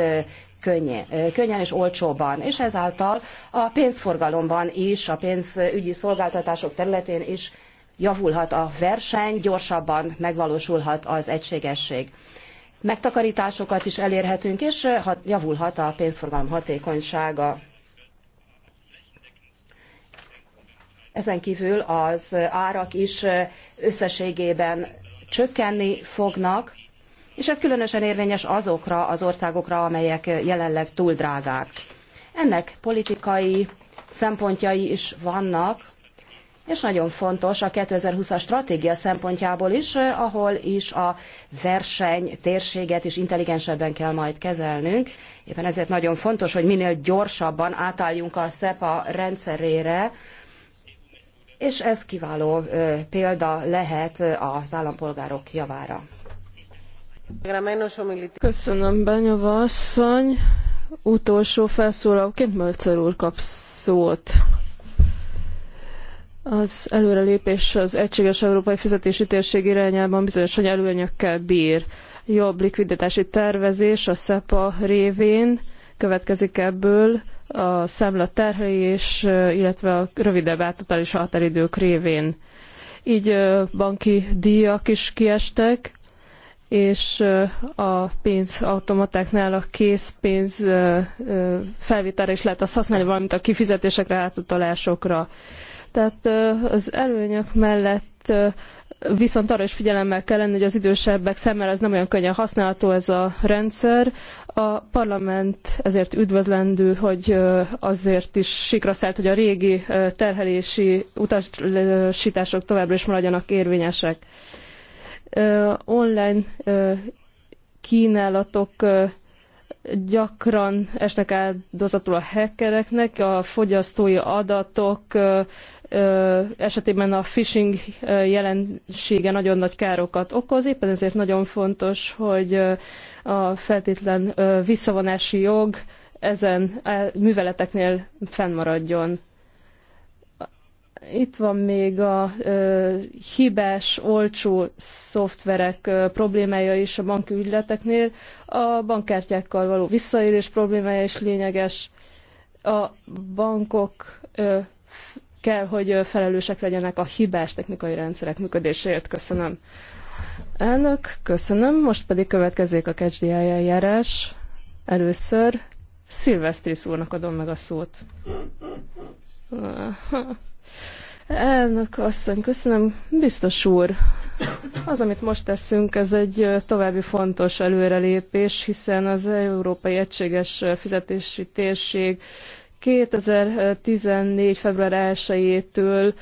könnyen, könnyen és olcsóban, és ezáltal a pénzforgalomban is, a pénzügyi szolgáltatások területén is javulhat a verseny, gyorsabban megvalósulhat az egységesség. Megtakarításokat is elérhetünk, és javulhat a pénzforgalom hatékonysága. Ezen kívül az árak is összességében csökkenni fognak, és ez különösen érvényes azokra az országokra, amelyek jelenleg túl drágák. Ennek politikai szempontjai is vannak, és nagyon fontos a 2020-as stratégia szempontjából is, ahol is a verseny térséget is intelligensebben kell majd kezelnünk. Éppen ezért nagyon fontos, hogy minél gyorsabban átálljunk a SEPA rendszerére, és ez kiváló példa lehet az állampolgárok javára. Köszönöm, Benyova asszony. Utolsó felszólalóként Mölcer úr kap szót. Az előrelépés az egységes európai fizetési térség irányában bizonyos, hogy előnyökkel bír. Jobb likviditási tervezés a SEPA révén következik ebből, a számla terhelés, illetve a rövidebb átutalási határidők révén. Így banki díjak is kiestek, és a pénzautomatáknál a készpénz felvételre is lehet azt használni, valamint a kifizetésekre, átutalásokra. Tehát az előnyök mellett itt viszont arra is figyelemmel kell lenni, hogy az idősebbek szemmel ez nem olyan könnyen használható ez a rendszer. A parlament ezért üdvözlendő, hogy azért is sikra szállt, hogy a régi terhelési utasítások továbbra is maradjanak érvényesek. Online kínálatok gyakran esnek áldozatul a hackereknek, a fogyasztói adatok esetében a phishing jelensége nagyon nagy károkat okoz, éppen ezért nagyon fontos, hogy a feltétlen visszavonási jog ezen műveleteknél fennmaradjon. Itt van még a hibás, olcsó szoftverek problémája is a banki ügyleteknél. A bankkártyákkal való visszaélés problémája is lényeges. A bankok kell, hogy felelősek legyenek a hibás technikai rendszerek működéséért. Köszönöm. Elnök, köszönöm. Most pedig következik a KCDI eljárás. Először Szilvesztris úrnak adom meg a szót. Elnök asszony, köszönöm. Biztos úr, az, amit most teszünk, ez egy további fontos előrelépés, hiszen az Európai Egységes Fizetési Térség 2014. február 1-től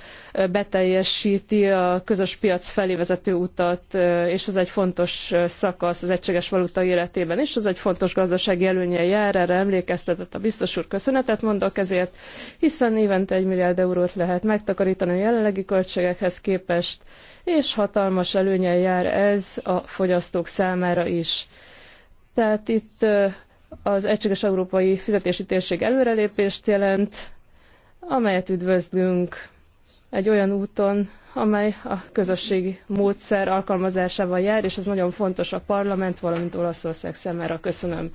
beteljesíti a közös piac felé vezető utat, és ez egy fontos szakasz az egységes valuta életében is, ez egy fontos gazdasági előnye jár, erre emlékeztetett a biztos úr, köszönetet mondok ezért, hiszen évente egy milliárd eurót lehet megtakarítani a jelenlegi költségekhez képest, és hatalmas előnye jár ez a fogyasztók számára is. Tehát itt az Egységes Európai Fizetési Térség előrelépést jelent, amelyet üdvözlünk egy olyan úton, amely a közösségi módszer alkalmazásával jár, és ez nagyon fontos a parlament, valamint Olaszország szemére. Köszönöm.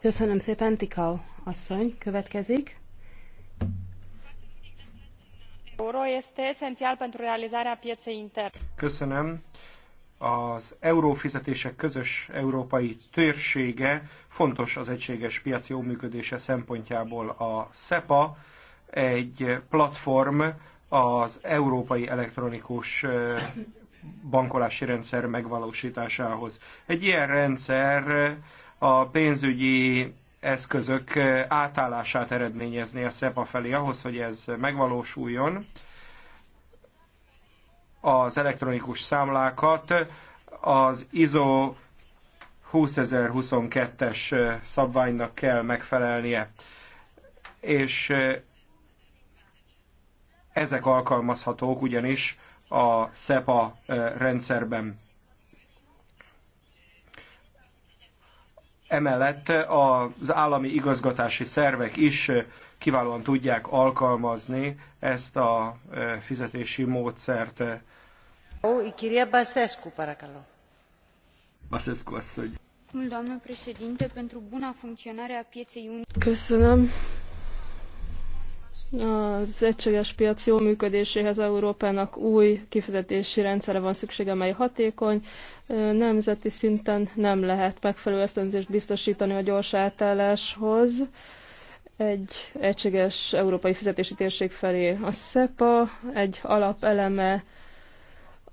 Köszönöm szépen, Tikau asszony. Következik. Köszönöm az eurófizetések közös európai térsége fontos az egységes piac jó működése szempontjából. A SEPA egy platform az európai elektronikus bankolási rendszer megvalósításához. Egy ilyen rendszer a pénzügyi eszközök átállását eredményezni a SEPA felé ahhoz, hogy ez megvalósuljon az elektronikus számlákat az ISO 20022-es szabványnak kell megfelelnie. És ezek alkalmazhatók ugyanis a SEPA rendszerben. Emellett az állami igazgatási szervek is kiválóan tudják alkalmazni ezt a fizetési módszert. Oh, Basescu asszony. Doamnă președinte, pentru buna funcționare a pieței unice. Köszönöm. Az egységes piac jó működéséhez Európának új kifizetési rendszere van szüksége, amely hatékony. Nemzeti szinten nem lehet megfelelő ösztönzést biztosítani a gyors átálláshoz egy egységes európai fizetési térség felé. A SEPA egy alapeleme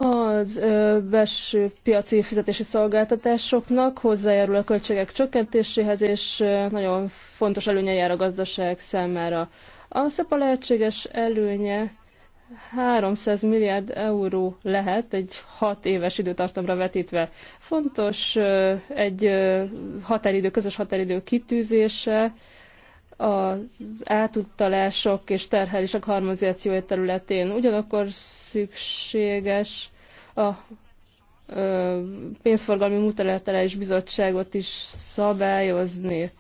az ö, belső piaci fizetési szolgáltatásoknak hozzájárul a költségek csökkentéséhez, és ö, nagyon fontos előnye jár a gazdaság számára. A SZEPA lehetséges előnye 300 milliárd euró lehet egy 6 éves időtartamra vetítve. Fontos ö, egy határidő, közös határidő kitűzése, az átuttalások és terhelések harmonizációja területén. Ugyanakkor szükséges a pénzforgalmi multilaterális bizottságot is szabályozni.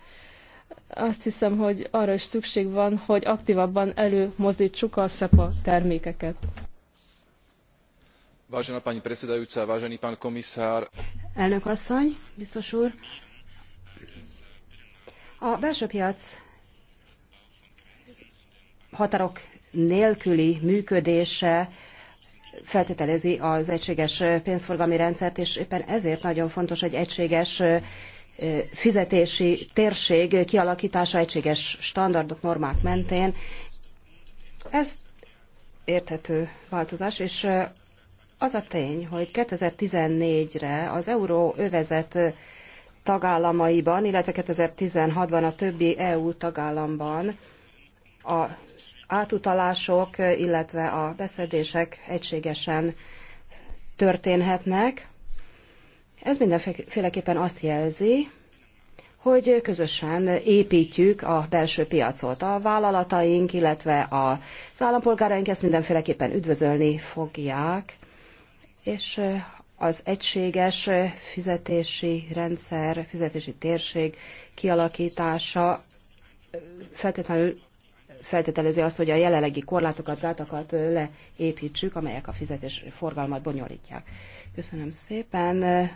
Azt hiszem, hogy arra is szükség van, hogy aktívabban előmozdítsuk a SZEPA termékeket. Vážená pani predsedajúca, vážený pán komisár. Elnök asszony, biztos úr. A belső piac határok nélküli működése feltételezi az egységes pénzforgalmi rendszert, és éppen ezért nagyon fontos egy egységes fizetési térség kialakítása egységes standardok, normák mentén. Ez érthető változás, és az a tény, hogy 2014-re az euróövezet tagállamaiban, illetve 2016-ban a többi EU tagállamban a átutalások, illetve a beszedések egységesen történhetnek. Ez mindenféleképpen azt jelzi, hogy közösen építjük a belső piacot. A vállalataink, illetve az állampolgáraink ezt mindenféleképpen üdvözölni fogják, és az egységes fizetési rendszer, fizetési térség kialakítása feltétlenül feltételezi azt, hogy a jelenlegi korlátokat, gátakat leépítsük, amelyek a fizetés forgalmat bonyolítják. Köszönöm szépen.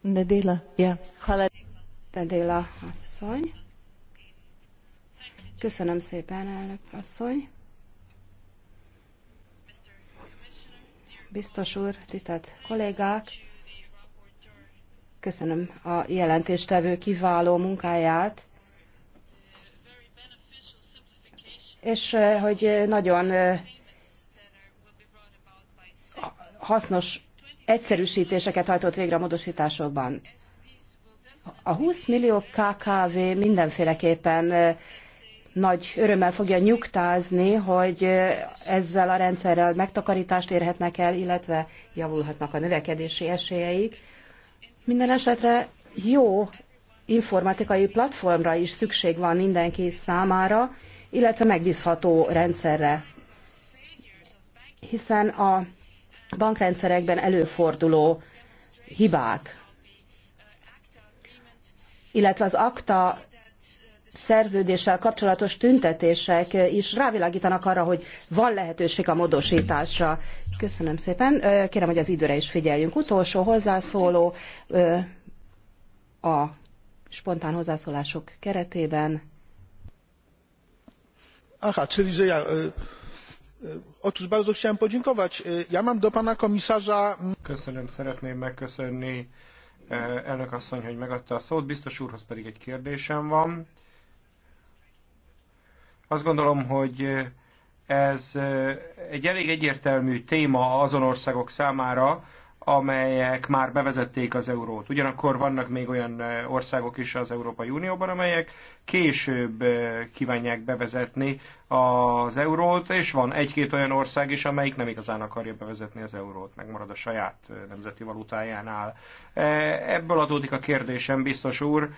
Nedéla, ja. Halad. Nedéla asszony. Köszönöm szépen, elnök asszony. Biztos úr, tisztelt kollégák! Köszönöm a jelentéstevő kiváló munkáját, és eh, hogy nagyon eh, hasznos egyszerűsítéseket hajtott végre a módosításokban. A 20 millió KKV mindenféleképpen eh, nagy örömmel fogja nyugtázni, hogy ezzel a rendszerrel megtakarítást érhetnek el, illetve javulhatnak a növekedési esélyeik. Minden esetre jó informatikai platformra is szükség van mindenki számára, illetve megbízható rendszerre. Hiszen a bankrendszerekben előforduló hibák, illetve az akta szerződéssel kapcsolatos tüntetések is rávilágítanak arra, hogy van lehetőség a módosításra. Köszönöm szépen. Kérem, hogy az időre is figyeljünk. Utolsó hozzászóló a spontán hozzászólások keretében. Aha, czyli że ja... Otóż bardzo chciałem podziękować. Ja mam do pana komisarza... Mm, Köszönöm, szeretném megköszönni e, elnök asszony, hogy megadta a szót. Biztos úrhoz pedig egy kérdésem van. Azt gondolom, hogy ez egy elég egyértelmű téma azon országok számára, amelyek már bevezették az eurót. Ugyanakkor vannak még olyan országok is az Európai Unióban, amelyek később kívánják bevezetni az eurót, és van egy-két olyan ország is, amelyik nem igazán akarja bevezetni az eurót, megmarad a saját nemzeti valutájánál. Ebből adódik a kérdésem, biztos úr,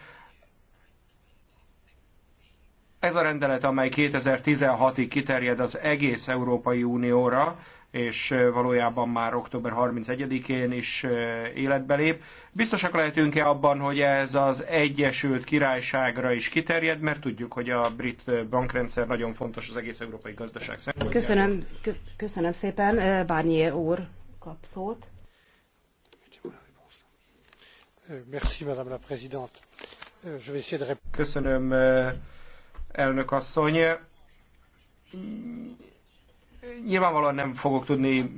ez a rendelet, amely 2016-ig kiterjed az egész Európai Unióra, és valójában már október 31-én is életbe lép. Biztosak lehetünk-e abban, hogy ez az Egyesült Királyságra is kiterjed, mert tudjuk, hogy a brit bankrendszer nagyon fontos az egész európai gazdaság szempontjából. Köszönöm, köszönöm szépen. Barnier úr kap szót. Merci, Madame la Présidente. Euh, köszönöm, elnök asszony. Nyilvánvalóan nem fogok tudni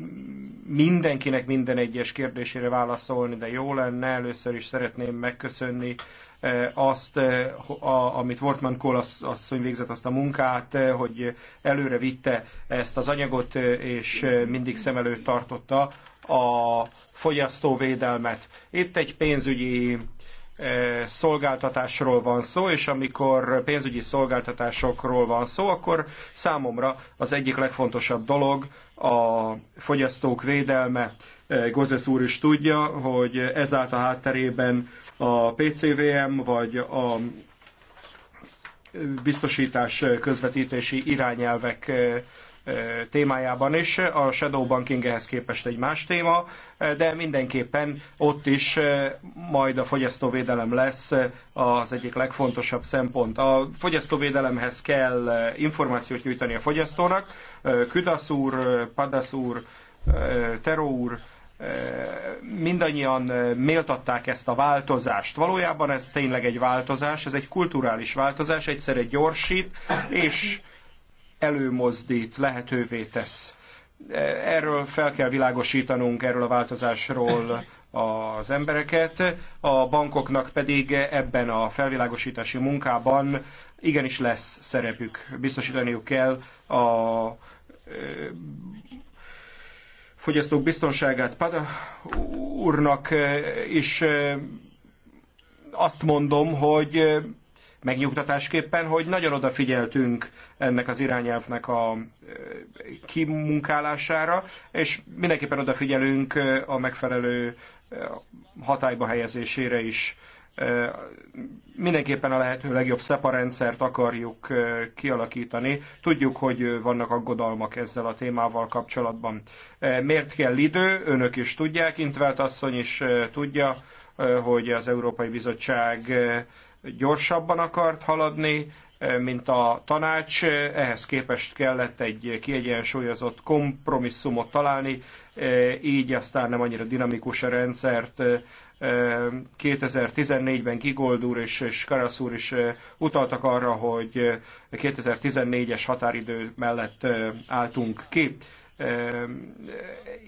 mindenkinek minden egyes kérdésére válaszolni, de jó lenne. Először is szeretném megköszönni e, azt, e, amit Wortmann Kohl asszony végzett azt a munkát, e, hogy előre vitte ezt az anyagot, és mindig szem előtt tartotta a fogyasztóvédelmet. Itt egy pénzügyi szolgáltatásról van szó, és amikor pénzügyi szolgáltatásokról van szó, akkor számomra az egyik legfontosabb dolog a fogyasztók védelme. Gozes úr is tudja, hogy ezáltal a hátterében a PCVM vagy a biztosítás közvetítési irányelvek témájában is. A shadow banking ehhez képest egy más téma, de mindenképpen ott is majd a fogyasztóvédelem lesz az egyik legfontosabb szempont. A fogyasztóvédelemhez kell információt nyújtani a fogyasztónak. Küdasz úr, Padasz úr, Teró úr, mindannyian méltatták ezt a változást. Valójában ez tényleg egy változás, ez egy kulturális változás, egyszerre gyorsít, és előmozdít, lehetővé tesz. Erről fel kell világosítanunk, erről a változásról az embereket, a bankoknak pedig ebben a felvilágosítási munkában igenis lesz szerepük. Biztosítaniuk kell a fogyasztók biztonságát. Pada úrnak is azt mondom, hogy megnyugtatásképpen, hogy nagyon odafigyeltünk ennek az irányelvnek a kimunkálására, és mindenképpen odafigyelünk a megfelelő hatályba helyezésére is. Mindenképpen a lehető legjobb SEPA rendszert akarjuk kialakítani. Tudjuk, hogy vannak aggodalmak ezzel a témával kapcsolatban. Miért kell idő? Önök is tudják, Intvelt asszony is tudja, hogy az Európai Bizottság gyorsabban akart haladni, eh, mint a tanács, ehhez képest kellett egy kiegyensúlyozott kompromisszumot találni, eh, így aztán nem annyira dinamikus a rendszert. 2014-ben eh, Gigold úr és Karasz úr is utaltak arra, hogy 2014-es határidő mellett álltunk ki.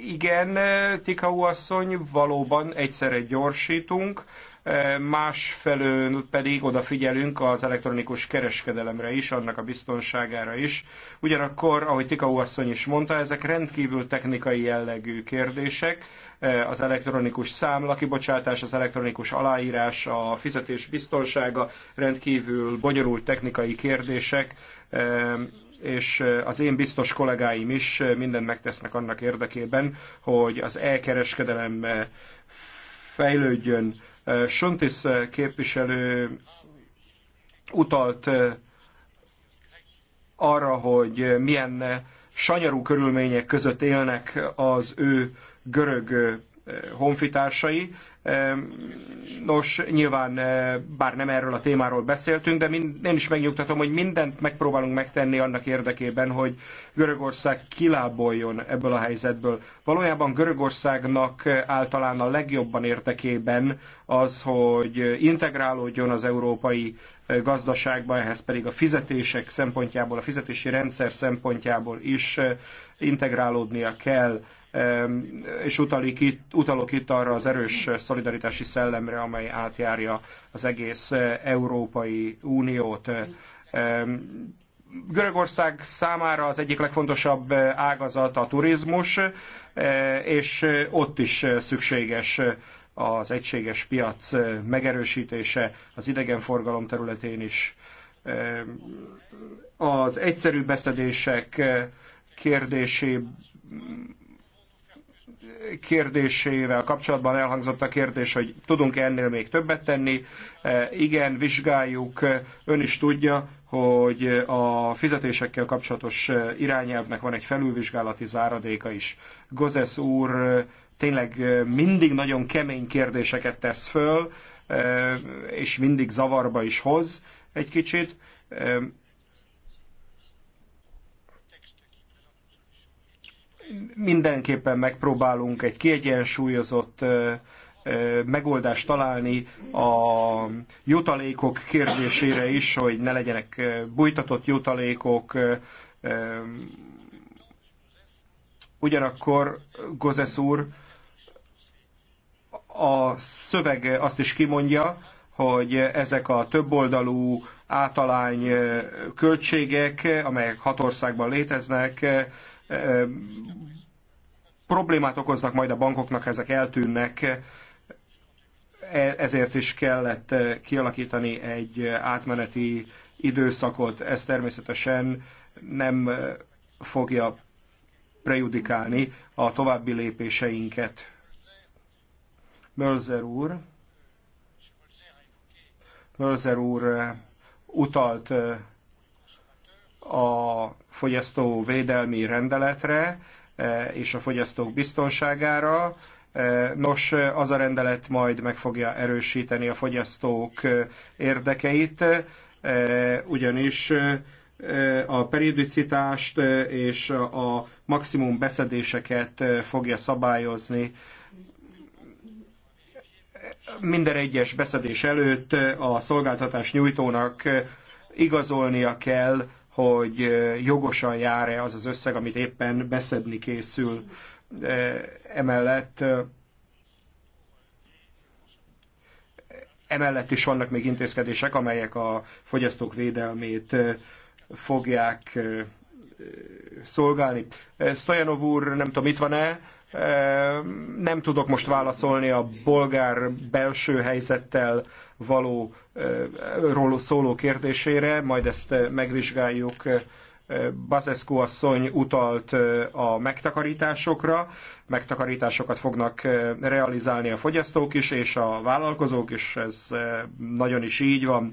Igen, Tikau asszony, valóban egyszerre gyorsítunk, másfelől pedig odafigyelünk az elektronikus kereskedelemre is, annak a biztonságára is. Ugyanakkor, ahogy Tika asszony is mondta, ezek rendkívül technikai jellegű kérdések, az elektronikus számlakibocsátás, az elektronikus aláírás, a fizetés biztonsága, rendkívül bonyolult technikai kérdések, és az én biztos kollégáim is mindent megtesznek annak érdekében, hogy az elkereskedelem fejlődjön. Sontis képviselő utalt arra, hogy milyen sanyarú körülmények között élnek az ő görög honfitársai. Nos, nyilván bár nem erről a témáról beszéltünk, de én is megnyugtatom, hogy mindent megpróbálunk megtenni annak érdekében, hogy Görögország kiláboljon ebből a helyzetből. Valójában Görögországnak általán a legjobban érdekében az, hogy integrálódjon az európai gazdaságba, ehhez pedig a fizetések szempontjából, a fizetési rendszer szempontjából is integrálódnia kell és utalik itt, utalok itt arra az erős szolidaritási szellemre, amely átjárja az egész eh, Európai Uniót. Görögország számára az egyik legfontosabb eh, ágazat a turizmus, eh, és ott is szükséges az egységes piac megerősítése az idegenforgalom területén is. Az egyszerű beszedések kérdésében kérdésével kapcsolatban elhangzott a kérdés, hogy tudunk -e ennél még többet tenni. E, igen, vizsgáljuk. Ön is tudja, hogy a fizetésekkel kapcsolatos irányelvnek van egy felülvizsgálati záradéka is. Gozesz úr e, tényleg e, mindig nagyon kemény kérdéseket tesz föl, és mindig zavarba is hoz egy kicsit mindenképpen megpróbálunk egy kiegyensúlyozott megoldást találni a jutalékok kérdésére is, hogy ne legyenek bújtatott jutalékok. Ugyanakkor Gozesz úr a szöveg azt is kimondja, hogy ezek a többoldalú általány költségek, amelyek hat országban léteznek, problémát okoznak majd a bankoknak, ezek eltűnnek, e, ezért is kellett kialakítani egy átmeneti időszakot. Ez természetesen nem fogja prejudikálni a további lépéseinket. Mölzer úr, Mölzer úr utalt a fogyasztó védelmi rendeletre e, és a fogyasztók biztonságára. E, nos, az a rendelet majd meg fogja erősíteni a fogyasztók érdekeit, e, ugyanis a periodicitást és a maximum beszedéseket fogja szabályozni. Minden egyes beszedés előtt a szolgáltatás nyújtónak igazolnia kell hogy jogosan jár-e az az összeg, amit éppen beszedni készül. Emellett emellett is vannak még intézkedések, amelyek a fogyasztók védelmét fogják szolgálni. Stojanov úr, nem tudom, itt van-e? Nem tudok most válaszolni a bolgár belső helyzettel való róla szóló kérdésére, majd ezt megvizsgáljuk. Bazescu asszony utalt a megtakarításokra, megtakarításokat fognak realizálni a fogyasztók is, és a vállalkozók is, ez nagyon is így van.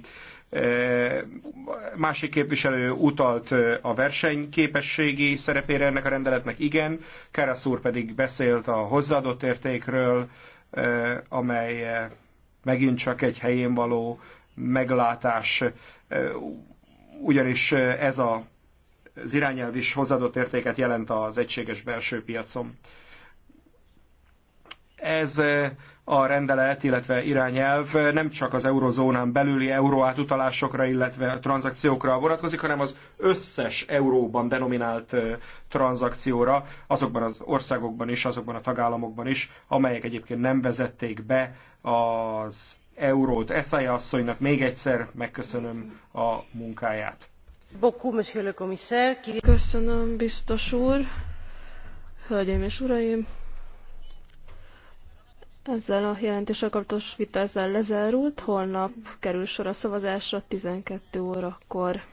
Másik képviselő utalt a versenyképességi szerepére ennek a rendeletnek, igen. Karasz úr pedig beszélt a hozzáadott értékről, amely megint csak egy helyén való meglátás, ugyanis ez a, az irányelv is hozzáadott értéket jelent az egységes belső piacon. Ez a rendelet, illetve irányelv nem csak az eurozónán belüli euróátutalásokra, illetve a tranzakciókra vonatkozik, hanem az összes euróban denominált tranzakcióra, azokban az országokban is, azokban a tagállamokban is, amelyek egyébként nem vezették be az eurót. Eszája asszonynak még egyszer megköszönöm a munkáját. Köszönöm, biztos úr. Hölgyeim és uraim! Ezzel a jelentéssel kapcsolatos vita ezzel lezárult, holnap kerül sor a szavazásra 12 órakor.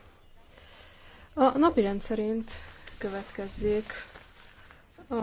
A napirend szerint következzék